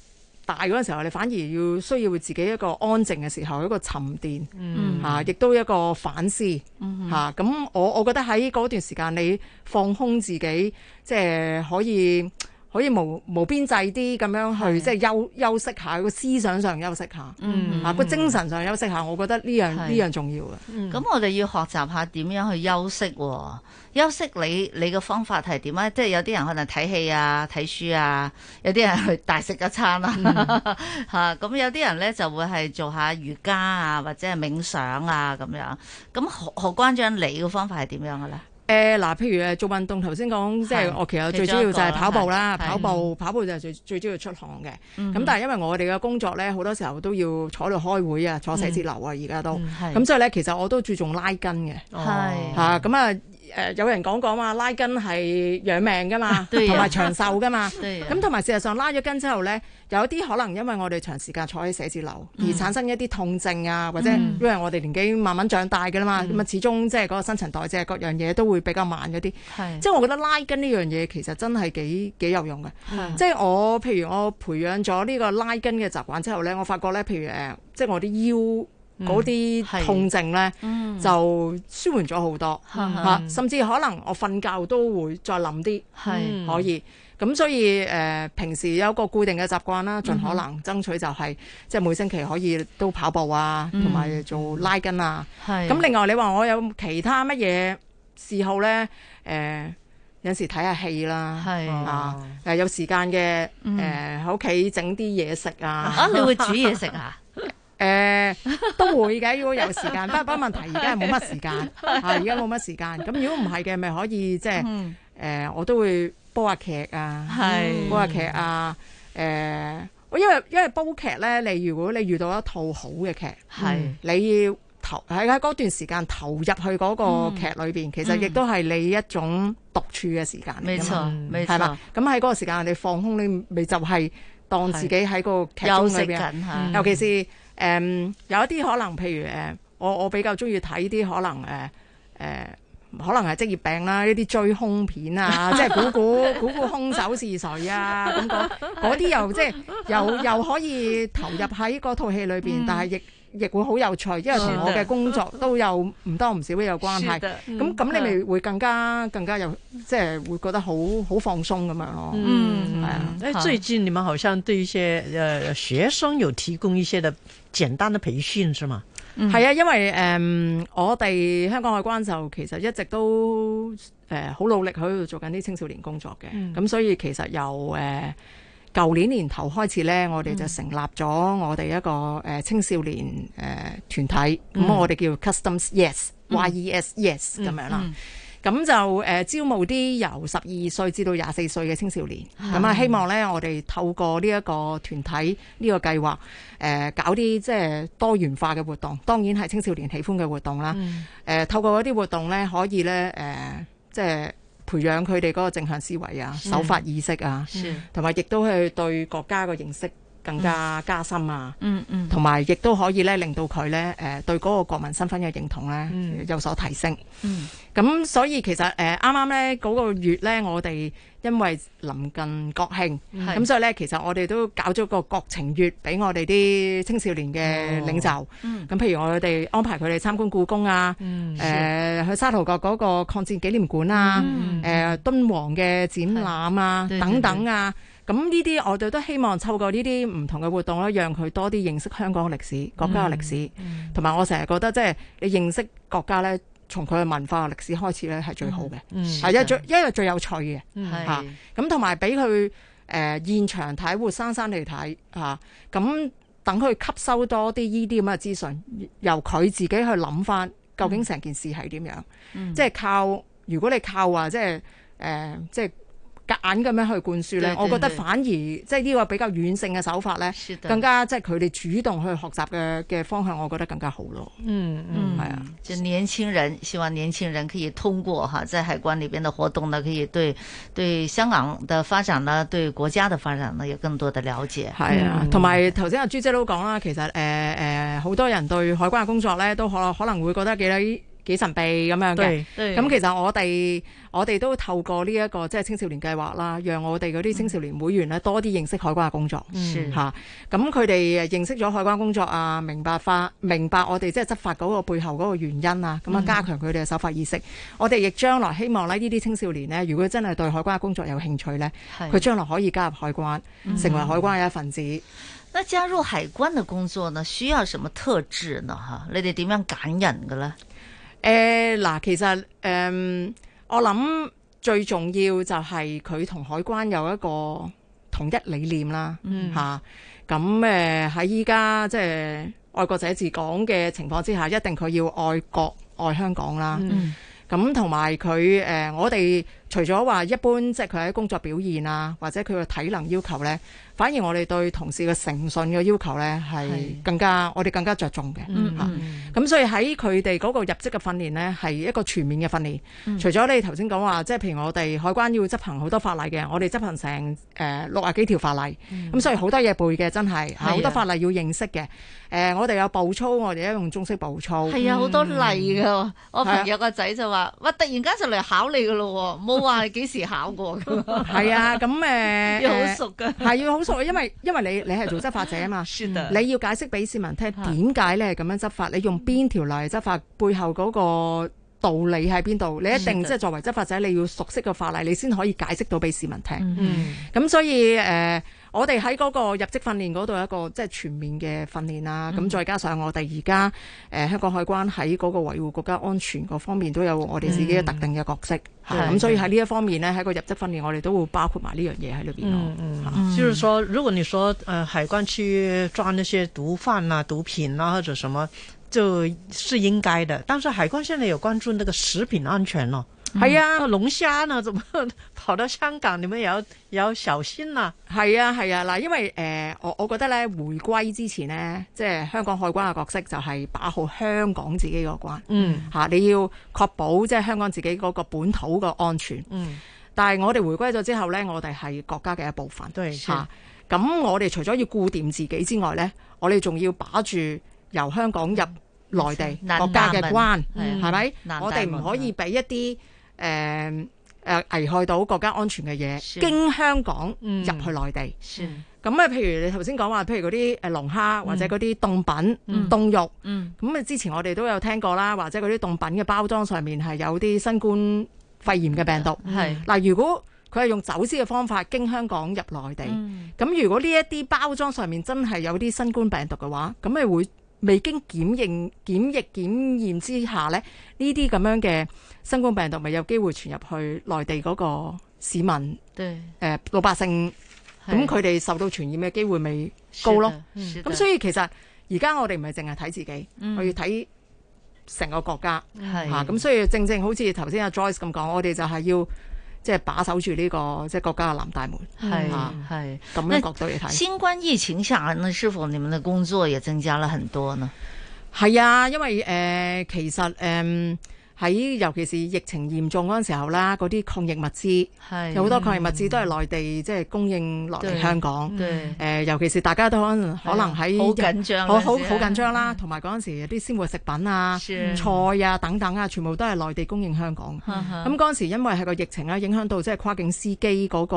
大嗰陣時候，你反而要需要自己一個安靜嘅時候，一個沉澱吓亦、嗯啊、都一個反思吓咁、嗯哼啊、我我覺得喺嗰段時間，你放空自己，即係可以。可以無無邊際啲咁樣去，即係休休息下個思想上休息一下，啊個是、嗯嗯、精神上休息一下，我覺得呢樣呢樣是重要嘅。咁、嗯、我哋要學習下點樣去休息、啊，休息你你個方法係點啊？即係有啲人可能睇戲啊、睇書啊，有啲人去大食一餐啦、啊，吓咁、嗯、 (laughs) 有啲人咧就會係做一下瑜伽啊，或者係冥想啊咁樣。咁何學關長，你個方法係點樣嘅咧？誒，嗱、呃，譬如誒做運動，頭先講即係我其實最主要就係跑步啦，跑步的跑步就係最最主要出汗嘅。咁的但係因為我哋嘅工作咧，好多時候都要坐度開會啊，坐寫字樓啊，而家、嗯、都，咁、嗯、所以咧，其實我都注重拉筋嘅，吓咁的啊。的誒、呃、有人講講話拉筋係養命噶嘛，同埋 (laughs) 對呀 長壽噶嘛。咁同埋事實上拉咗筋之後咧，有啲可能因為我哋長時間坐喺寫字樓，而產生一啲痛症啊，嗯、或者因為我哋年紀慢慢長大噶啦嘛，咁啊、嗯、始終即係嗰個新陳代謝各樣嘢都會比較慢咗啲。是的 即係我覺得拉筋呢樣嘢其實真係幾幾有用嘅。是的 即係我譬如我培養咗呢個拉筋嘅習慣之後咧，我發覺咧，譬如誒、呃，即係我啲腰。嗰啲痛症咧就舒緩咗好多嚇，甚至可能我瞓覺都會再諗啲，可以咁所以誒，平時有個固定嘅習慣啦，盡可能爭取就係即係每星期可以都跑步啊，同埋做拉筋啊。咁另外你話我有其他乜嘢嗜好咧？誒有時睇下戲啦，啊誒有時間嘅誒喺屋企整啲嘢食啊。啊，你會煮嘢食啊？誒、呃，都會嘅，如果 (laughs) 有時間，不過問題而家係冇乜時間啊，而家冇乜時間。咁如果唔係嘅，咪可以即係誒，我都會煲下劇啊，煲下是劇啊。誒、呃，因為因為煲劇咧，你如果你遇到一套好嘅劇，係是你要投喺嗰段時間投入去嗰個劇裏邊，嗯、其實亦都係你一種獨處嘅時間冇，冇錯，係嘛。咁喺嗰個時間，你放空你，咪就係當自己喺個劇中裏邊，嗯、尤其是。誒、um, 有一啲可能，譬如誒、呃、我我比較中意睇啲可能誒誒、呃呃、可能係職業病啦、啊，呢啲追兇片啊， (laughs) 即係估估估估兇手是誰啊，咁嗰啲又即係又又可以投入喺嗰套戲裏邊，嗯、但係亦亦會好有趣，因為同我嘅工作都有唔多唔少都有關係。咁咁、嗯、你咪會更加、嗯、更加有，即係會覺得好好放鬆咁樣囉。哦、嗯，嗯係、um, 啊。誒、欸、最近你們好像對一些誒、呃、學生有提供一些的。簡單的培訓是嘛？係、mm hmm. 啊，因為、嗯、我哋香港海關就其實一直都誒好、呃、努力去做緊啲青少年工作嘅。咁、mm hmm. 所以其實由誒舊、呃、年年頭開始咧，我哋就成立咗我哋一個、呃、青少年誒、呃、團體。咁、mm hmm. 我哋叫 Customs Yes，Y E S Yes 咁樣啦。Mm hmm. 咁就、呃、招募啲由十二歲至到廿四歲嘅青少年，咁啊、嗯、希望咧我哋透過呢一個團體呢、呢個計劃，呃、搞啲即係多元化嘅活動，當然係青少年喜歡嘅活動啦、嗯呃。透過嗰啲活動咧，可以咧即係培養佢哋嗰個正向思維啊、守的法意識的啊，同埋亦都係對國家嘅認識。更加加深啊，嗯嗯，同埋亦都可以咧，令到佢咧，誒對嗰個國民身份嘅認同咧，有所提升。嗯，咁所以其實誒啱啱咧嗰個月咧，我哋因為臨近國慶，咁所以咧，其實我哋都搞咗個國情月，俾我哋啲青少年嘅領袖。嗯，咁譬如我哋安排佢哋參觀故宮啊，誒去沙頭角嗰個抗戰紀念館啊，誒敦煌嘅展覽啊，等等啊。咁呢啲我哋都希望透過呢啲唔同嘅活動咧，讓佢多啲認識香港嘅歷史、嗯、國家嘅歷史，同埋、嗯、我成日覺得即係、即係、你認識國家呢，從佢嘅文化、歷史開始呢係最好嘅，係一個最有趣嘅嚇。咁同埋俾佢誒現場睇活生生嚟睇嚇，咁等佢吸收多啲呢啲咁嘅資訊，由佢自己去諗翻究竟成件事係點樣？嗯嗯、即係靠如果你靠話即係、呃、即係。夾硬咁樣去灌輸咧，對對對，我覺得反而即係呢個比較軟性嘅手法咧，的更加即係佢哋主動去學習嘅嘅方向，我覺得更加好咯、嗯。嗯嗯，係啊，就年輕人希望年輕人可以通過吓，即係在海關裏邊嘅活動呢，可以對對香港嘅發展呢，對國家嘅發展呢，有更多嘅了解。係啊，同埋頭先阿朱姐都講啦，其實誒誒，好、呃呃、多人對海關嘅工作咧，都可可能會覺得幾呢，幾神秘咁樣嘅，咁其實我哋我哋都透過呢一個即係青少年計劃啦，讓我哋嗰啲青少年會員多啲認識海關嘅工作，吓，咁佢哋認識咗海關工作啊，明白化明白我哋即係執法嗰個背後嗰個原因啊，咁啊加強佢哋嘅守法意識。嗯、我哋亦將來希望呢啲青少年呢，如果真係對海關嘅工作有興趣呢，佢是將來可以加入海關，嗯、成為海關嘅一份子。那加入海關嘅工作呢，需要什麼特質呢？吓，你哋點樣揀人噶咧？誒，嗱、呃，其實誒、呃，我諗最重要就係佢同海關有一個統一理念啦，嗯，吓咁誒，喺依家即係愛國者治港嘅情況之下，一定佢要愛國愛香港啦，咁同埋佢誒，我哋。除咗話一般即係佢喺工作表現啊，或者佢個體能要求呢，反而我哋對同事嘅誠信嘅要求呢，係更加，的我哋更加着重嘅咁、mm hmm. 啊、所以喺佢哋嗰個入職嘅訓練呢，係一個全面嘅訓練。Mm hmm. 除咗你頭先講話，即係譬如我哋海關要執行好多法例嘅，我哋執行成誒六十幾條法例，咁、mm hmm. 嗯、所以好多嘢背嘅真係，好的多法例要認識嘅。誒、呃，我哋有步操，我哋一用中式步操。係啊，好多例㗎。我朋友有個仔就話：，喂的，突然間就嚟考你㗎咯，話係幾時考過？係 (laughs) (laughs) 啊，咁誒，呃 (laughs) 呃、要好熟噶，係要好熟，因為因為你你係做執法者啊嘛， (laughs) 的你要解釋俾市民聽點解你係咁樣執法，的你用邊條例嚟執法，背後嗰個道理喺邊度？你一定的即係作為執法者，你要熟悉個法例，你先可以解釋到俾市民聽。咁、嗯嗯、所以誒。呃我哋喺嗰個入職訓練嗰度有一個即係全面嘅訓練啦，咁再加上我哋而家誒香港海關喺嗰個維護國家安全嗰方面都有我哋自己嘅特定嘅角色咁、嗯、的所以喺呢一方面呢，喺個入職訓練我哋都會包括埋呢樣嘢喺裏邊。嗯嗯，是的就是說如果你說誒、呃、海關去抓一些毒販啦、啊、毒品啦、啊、或者什麼。就是應該的，但是海關先你有關注那個食品安全咯、啊。係呀、嗯，龍蝦啊，怎麼跑到香港？你們有，有首先啊，係啊，係啊，嗱，因為誒，我、呃、我覺得呢，回歸之前呢，即係香港海關嘅角色就係把好香港自己嗰關。嗯，吓、啊，你要確保即係香港自己嗰個本土個安全。嗯，但係我哋回歸咗之後呢，我哋係國家嘅一部分。都係，吓，咁、啊、我哋除咗要顧掂自己之外呢，我哋仲要把住由香港入。內地國家嘅關係係咪？吧我哋唔可以俾一啲誒誒危害到國家安全嘅嘢是經香港入去內地。咁啊是，譬如你頭先講話，譬如嗰啲誒龍蝦或者嗰啲凍品、凍、嗯、肉，咁啊、嗯，之前我哋都有聽過啦，或者嗰啲凍品嘅包裝上面係有啲新冠肺炎嘅病毒。係嗱，如果佢係用走私嘅方法經香港入內地，咁、嗯、如果呢一啲包裝上面真係有啲新冠病毒嘅話，咁咪會？未經檢驗檢疫、檢驗之下咧，呢啲咁樣嘅新冠病毒咪有機會傳入去內地嗰個市民對、呃，老百姓，咁佢哋受到傳染嘅機會咪高咯。咁所以其實而家我哋唔係淨係睇自己，嗯、我要睇成個國家嚇。咁是、啊、所以正正好似頭先阿 Joyce 咁講，我哋就係要。即係把守住呢、這個即係、就是、國家嘅南大門，係係咁樣角度嚟睇是。看新冠疫情下呢，那是否你們的工作也增加了很多呢？係啊，因為誒、呃，其實誒。呃喺尤其是疫情嚴重嗰陣時候啦，嗰啲抗疫物資，係有好多抗疫物資都係內地即係、就是、供應落嚟香港。誒、呃，尤其是大家都可能可能喺好緊張，好好好緊張啦。同埋嗰陣時啲鮮活食品啊、是菜啊等等啊，全部都係內地供應香港。咁嗰陣時因為係個疫情啊影響到即係跨境司機嗰個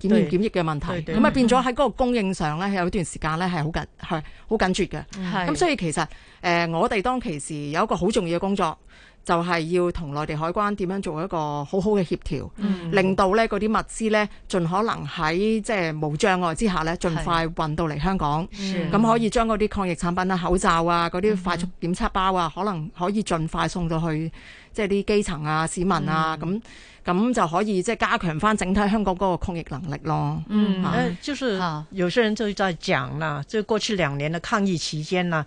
檢驗檢疫嘅問題對，對，咁啊變咗喺嗰個供應上咧，有一段時間咧係好緊，係好緊缺嘅。咁是所以其實誒、呃，我哋當其時有一個好重要嘅工作。就係要同內地海關點樣做一個好好嘅協調，嗯、令到呢嗰啲物資呢盡可能喺即係無障礙之下呢，盡快運到嚟香港。咁是、嗯、可以將嗰啲抗疫產品啊、口罩啊、嗰啲快速檢測包啊，嗯、可能可以盡快送到去即係啲基層啊、市民啊，咁咁、嗯、就可以即係加強翻整體香港嗰個抗疫能力咯。嗯、啊嗯欸，就是有些人就在講啦，就過去兩年嘅抗疫期間啦。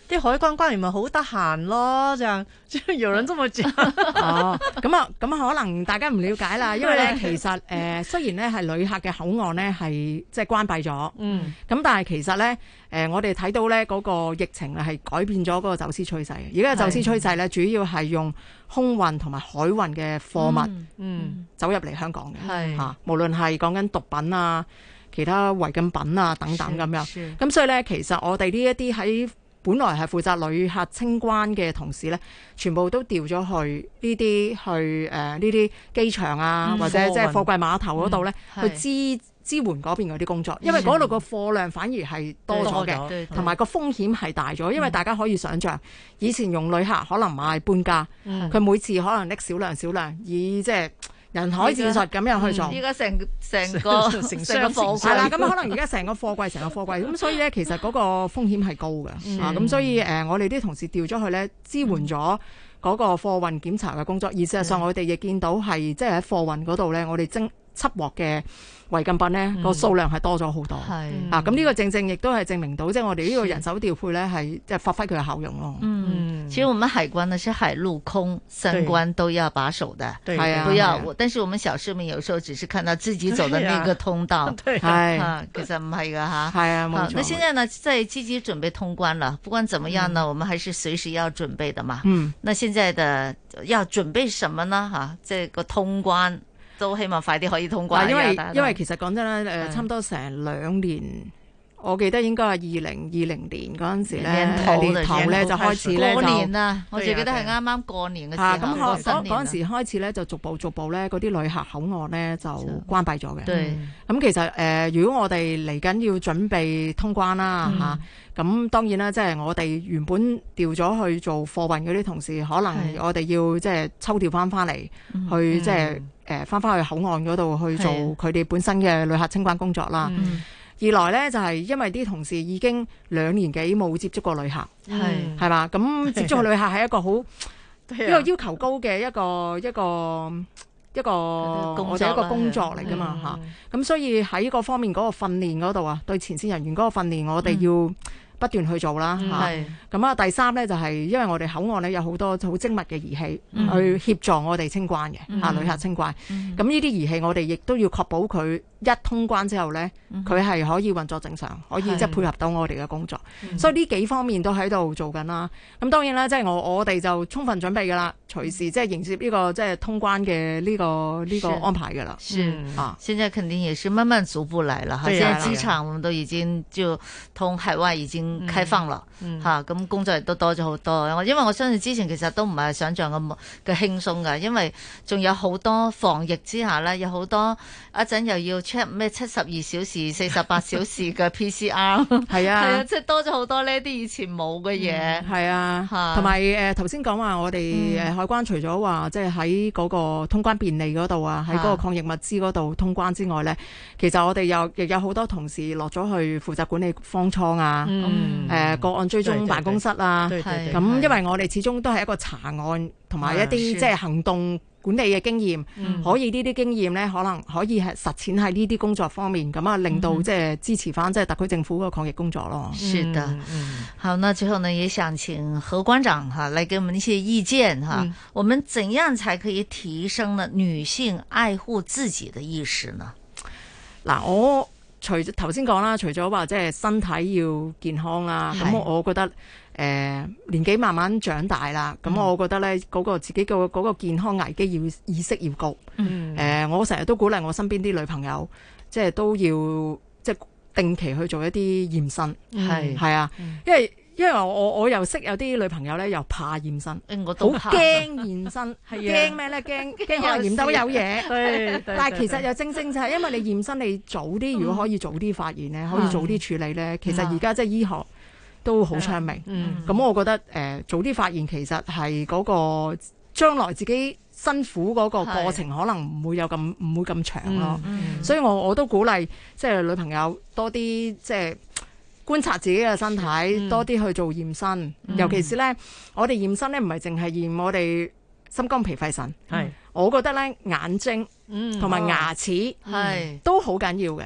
啲海關關員咪好得閒咯，就將遊輪都冇哦，咁啊，咁可能大家唔了解啦， (laughs) 因為咧， (laughs) 其實誒、呃，雖然咧係旅客嘅口岸咧係即係關閉咗，嗯，咁但係其實咧誒、呃，我哋睇到咧嗰、那個疫情係改變咗嗰個走私趨勢。而家嘅走私趨勢咧，是主要係用空運同埋海運嘅貨物，嗯，嗯，走入嚟香港嘅，係嚇、嗯，是無論係講緊毒品啊、其他違禁品啊等等咁樣。咁所以咧，其實我哋呢一啲喺本來係負責旅客清關嘅同事呢，全部都調咗去呢啲去誒呢啲機場啊，嗯、或者即係貨櫃碼頭嗰度呢、嗯、去支支援嗰邊嗰啲工作。的因為嗰度個貨量反而係多咗嘅，同埋個風險係大咗。嗯、因為大家可以想像，以前用旅客可能買搬家，佢、嗯、每次可能拎少量少量以，以即係。人海戰術咁樣去做，而家成成個成個貨櫃啦，咁可能而家成個貨櫃成個貨櫃，咁 (laughs) 所以咧其實嗰個風險係高嘅，啊、 (laughs) 嗯，咁所以誒、呃，我哋啲同事調咗去咧支援咗嗰個貨運檢查嘅工作，而事實上我哋亦見到係、嗯、即係喺貨運嗰度咧，我哋徵緝獲嘅。違禁品呢個數量係多咗好多，係啊咁呢個正正亦都係證明到，即係我哋呢個人手調配呢係即係發揮佢嘅效用咯。嗯，其實我們海關呢，是海陸空三關都要把守嘅，係啊，都要。但是我們小市民有時候只是看到自己走的那個通道，係其實唔係噶嚇，係啊，冇錯。那現在呢，在積極準備通關了，不管怎麼樣呢，我們還是隨時要準備的嘛。嗯，那現在的要準備什麼呢？吓，這個通關。都希望快啲可以通關。因為因為其實講真啦，誒差唔多成兩年，我記得應該係二零二零年嗰陣時咧，年頭咧就開始咧過年啦。我最記得係啱啱過年嘅時候。咁，嗰嗰時開始咧就逐步逐步咧嗰啲旅客口岸咧就關閉咗嘅。對。咁其實誒，如果我哋嚟緊要準備通關啦嚇，咁當然啦，即係我哋原本調咗去做貨運嗰啲同事，可能我哋要即係抽調翻翻嚟去即係。誒，翻翻去口岸嗰度去做佢哋本身嘅旅客清關工作啦。啊、二來呢，就係、是、因為啲同事已經兩年幾冇接觸過旅客，係係嘛，咁接觸過旅客係一個好、啊、一個要求高嘅一個一個一個我哋、啊、一個工作嚟噶嘛吓。咁、啊啊啊、所以喺嗰方面嗰個訓練嗰度啊，對前線人員嗰個訓練，我哋要。嗯不斷去做啦嚇，咁、嗯、啊第三咧就係、是、因為我哋口岸咧有好多好精密嘅儀器、嗯、去協助我哋清關嘅、嗯、啊旅客清關，咁呢啲儀器我哋亦都要確保佢。一通關之後咧，佢係可以運作正常，可以即係配合到我哋嘅工作，的所以呢幾方面都喺度做緊啦。咁、嗯、當然啦，即係我我哋就充分準備噶啦，隨時即係迎接呢個即係通關嘅呢個呢個安排噶啦。啊，先至肯定也算慢慢逐步嚟啦。嚇的，先資產我都已經即係同海外已經開放啦。嚇、嗯，咁工作亦都多咗好多。因為我相信之前其實都唔係想像咁嘅輕鬆㗎，因為仲有好多防疫之下咧，有好多一陣又要。check 咩七十二小時、四十八小時嘅 PCR 係啊，係啊，即係多咗好多呢啲以前冇嘅嘢係啊，同埋誒頭先講話我哋誒海關除咗話即係喺嗰個通關便利嗰度啊，喺嗰個抗疫物資嗰度通關之外咧，其實我哋又亦有好多同事落咗去負責管理方艙啊，誒個案追蹤辦公室啊，咁因為我哋始終都係一個查案同埋一啲即係行動。管理嘅經驗，嗯、可以呢啲經驗呢，可能可以係實踐喺呢啲工作方面，咁啊，令到、嗯、即係支持翻即係特區政府嗰個抗疫工作咯。是的，嗯、好，那最後呢，也想請何關長哈、啊，來給我們一些意見哈、啊，嗯、我們怎樣才可以提升了女性愛護自己的意識呢？嗱、嗯嗯嗯嗯嗯嗯，我除頭先講啦，除咗話即係身體要健康啦、啊，咁是我覺得。誒、呃，年紀慢慢長大啦，咁、嗯嗯、我覺得咧，嗰、那個自己個嗰、那個健康危機要意識要高。誒、嗯呃，我成日都鼓勵我身邊啲女朋友，即、就、係、是、都要即係、就是、定期去做一啲驗身。係、嗯。係啊、嗯因，因為因為我我又識有啲女朋友咧，又怕驗身。嗯、我都好驚驗身。係驚咩咧？驚驚可能驗到有嘢。但係其實又正正就係、是，因為你驗身，你早啲如果可以早啲發現咧，嗯、可以早啲處理咧。其實而家即係醫學。嗯 (laughs) 都好昌明，咁、嗯嗯、我覺得誒、呃，早啲發現其實係嗰個將來自己辛苦嗰個過程，可能唔會有咁唔是會咁長咯。嗯嗯、所以我我都鼓勵即係女朋友多啲即係觀察自己嘅身體，嗯、多啲去做驗身。嗯、尤其是呢，我哋驗身呢，唔係淨係驗我哋心肝脾肺腎，係是我覺得呢，眼睛。嗯，同埋牙齒係都好緊要嘅，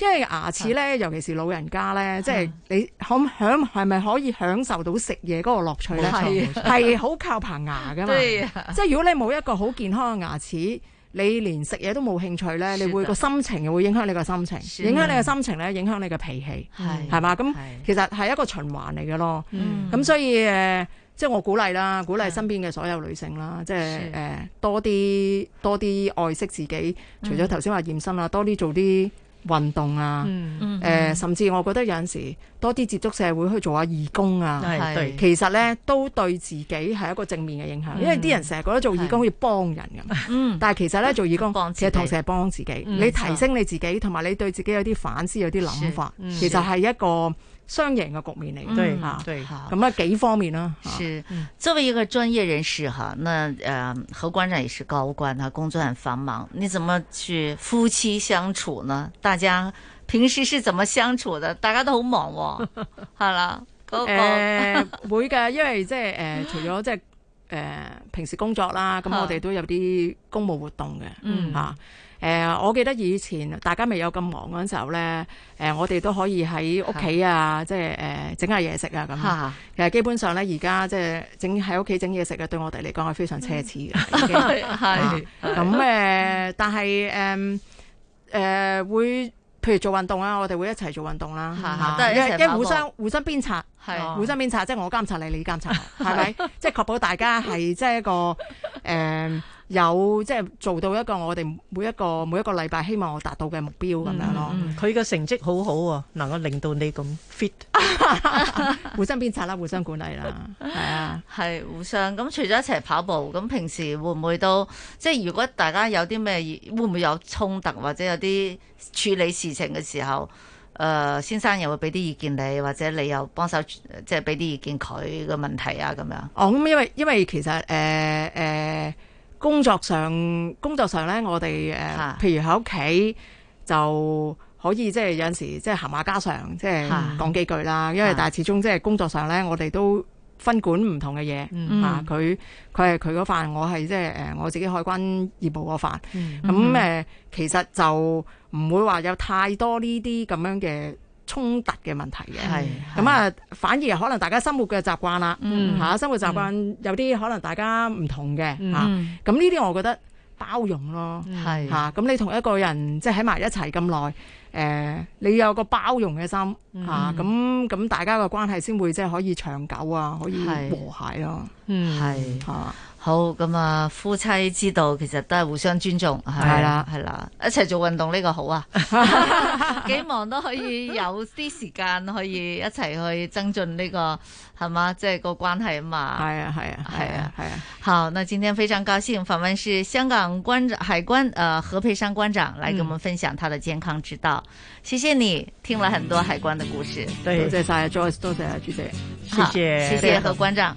因為牙齒咧，尤其是老人家咧，即係你可唔享係咪可以享受到食嘢嗰個樂趣咧？係係好靠棚牙㗎嘛，即係如果你冇一個好健康嘅牙齒，你連食嘢都冇興趣咧，你會個心情又會影響你個心情，影響你個心情咧，影響你嘅脾氣，係咪？嘛？咁其實係一個循環嚟嘅咯，咁所以即係我鼓勵啦，鼓勵身邊嘅所有女性啦，即係誒多啲多啲愛惜自己，除咗頭先話驗身啦，多啲做啲運動啊，誒，甚至我覺得有陣時多啲接觸社會去做下義工啊，其實呢，都對自己係一個正面嘅影響，因為啲人成日覺得做義工好似幫人咁，但係其實呢，做義工其實同時係幫自己，你提升你自己，同埋你對自己有啲反思，有啲諗法，其實係一個雙贏嘅局面嚟，對吓，咁啊幾方面啦。是，作為一個專業人士哈，那誒何關長也是高官，工作很繁忙，你怎麼去夫妻相處呢？大家平時是怎麼相處的？大家都好忙喎，係啦，誒會嘅，因為即係誒除咗即係誒平時工作啦，咁我哋都有啲公務活動嘅，嗯吓。誒，我記得以前大家未有咁忙嗰陣時候咧，誒，我哋都可以喺屋企啊，即係誒，整下嘢食啊咁。其實基本上咧，而家即係整喺屋企整嘢食啊，對我哋嚟講係非常奢侈嘅。咁誒，但係誒誒會，譬如做運動啊，我哋會一齊做運動啦。即係互相互相鞭策，係互相鞭策，即係我監察你，你監察我，係咪？即係確保大家係即係一個誒。有即係做到一個我哋每一個每一個禮拜希望我達到嘅目標咁、嗯、樣咯。佢嘅、嗯、成績好好啊，能夠令到你咁 fit。互 (laughs) (laughs) 相鞭策啦，互相管理啦，係 (laughs) 啊，係互相。咁除咗一齊跑步，咁平時會唔會都即係，如果大家有啲咩會唔會有衝突或者有啲處理事情嘅時候，誒、呃、先生又會俾啲意見你，或者你又幫手即係俾啲意見佢嘅問題啊咁樣。哦，咁因為因為其實誒誒。呃呃工作上，工作上呢，我哋誒、呃，譬如喺屋企就可以，即係有陣時即係閒話家常，即係講幾句啦。因為但係始終即係工作上呢，我哋都分管唔同嘅嘢、嗯、啊佢佢係佢嗰範我係即係誒我自己海關業務嗰範。咁誒其實就唔會話有太多呢啲咁樣嘅衝突嘅問題嘅，係咁啊，反而可能大家生活嘅習慣啦，吓、嗯啊、生活習慣有啲可能大家唔同嘅，吓，咁呢啲我覺得包容咯，係吓，咁你同一個人即係喺埋一齊咁耐，誒、呃，你有個包容嘅心吓，咁、啊、咁、嗯啊、大家嘅關係先會即係、就是、可以長久啊，可以和諧咯，係係嘛。好咁啊，夫妻之道其實都係互相尊重係啦，係啦，一齊做運動呢個好啊，幾忙都可以有啲時間可以一齊去增進呢個係嘛，即係個關係啊嘛。係啊，係啊，係啊，係啊。好，那今天非常高興訪問是香港關海關，呃，何珮珊關長來跟我們分享她的健康之道。謝謝你聽了很多海關的故事。多謝晒 Joyce，多謝晒 Gigi 謝謝，謝謝何關長。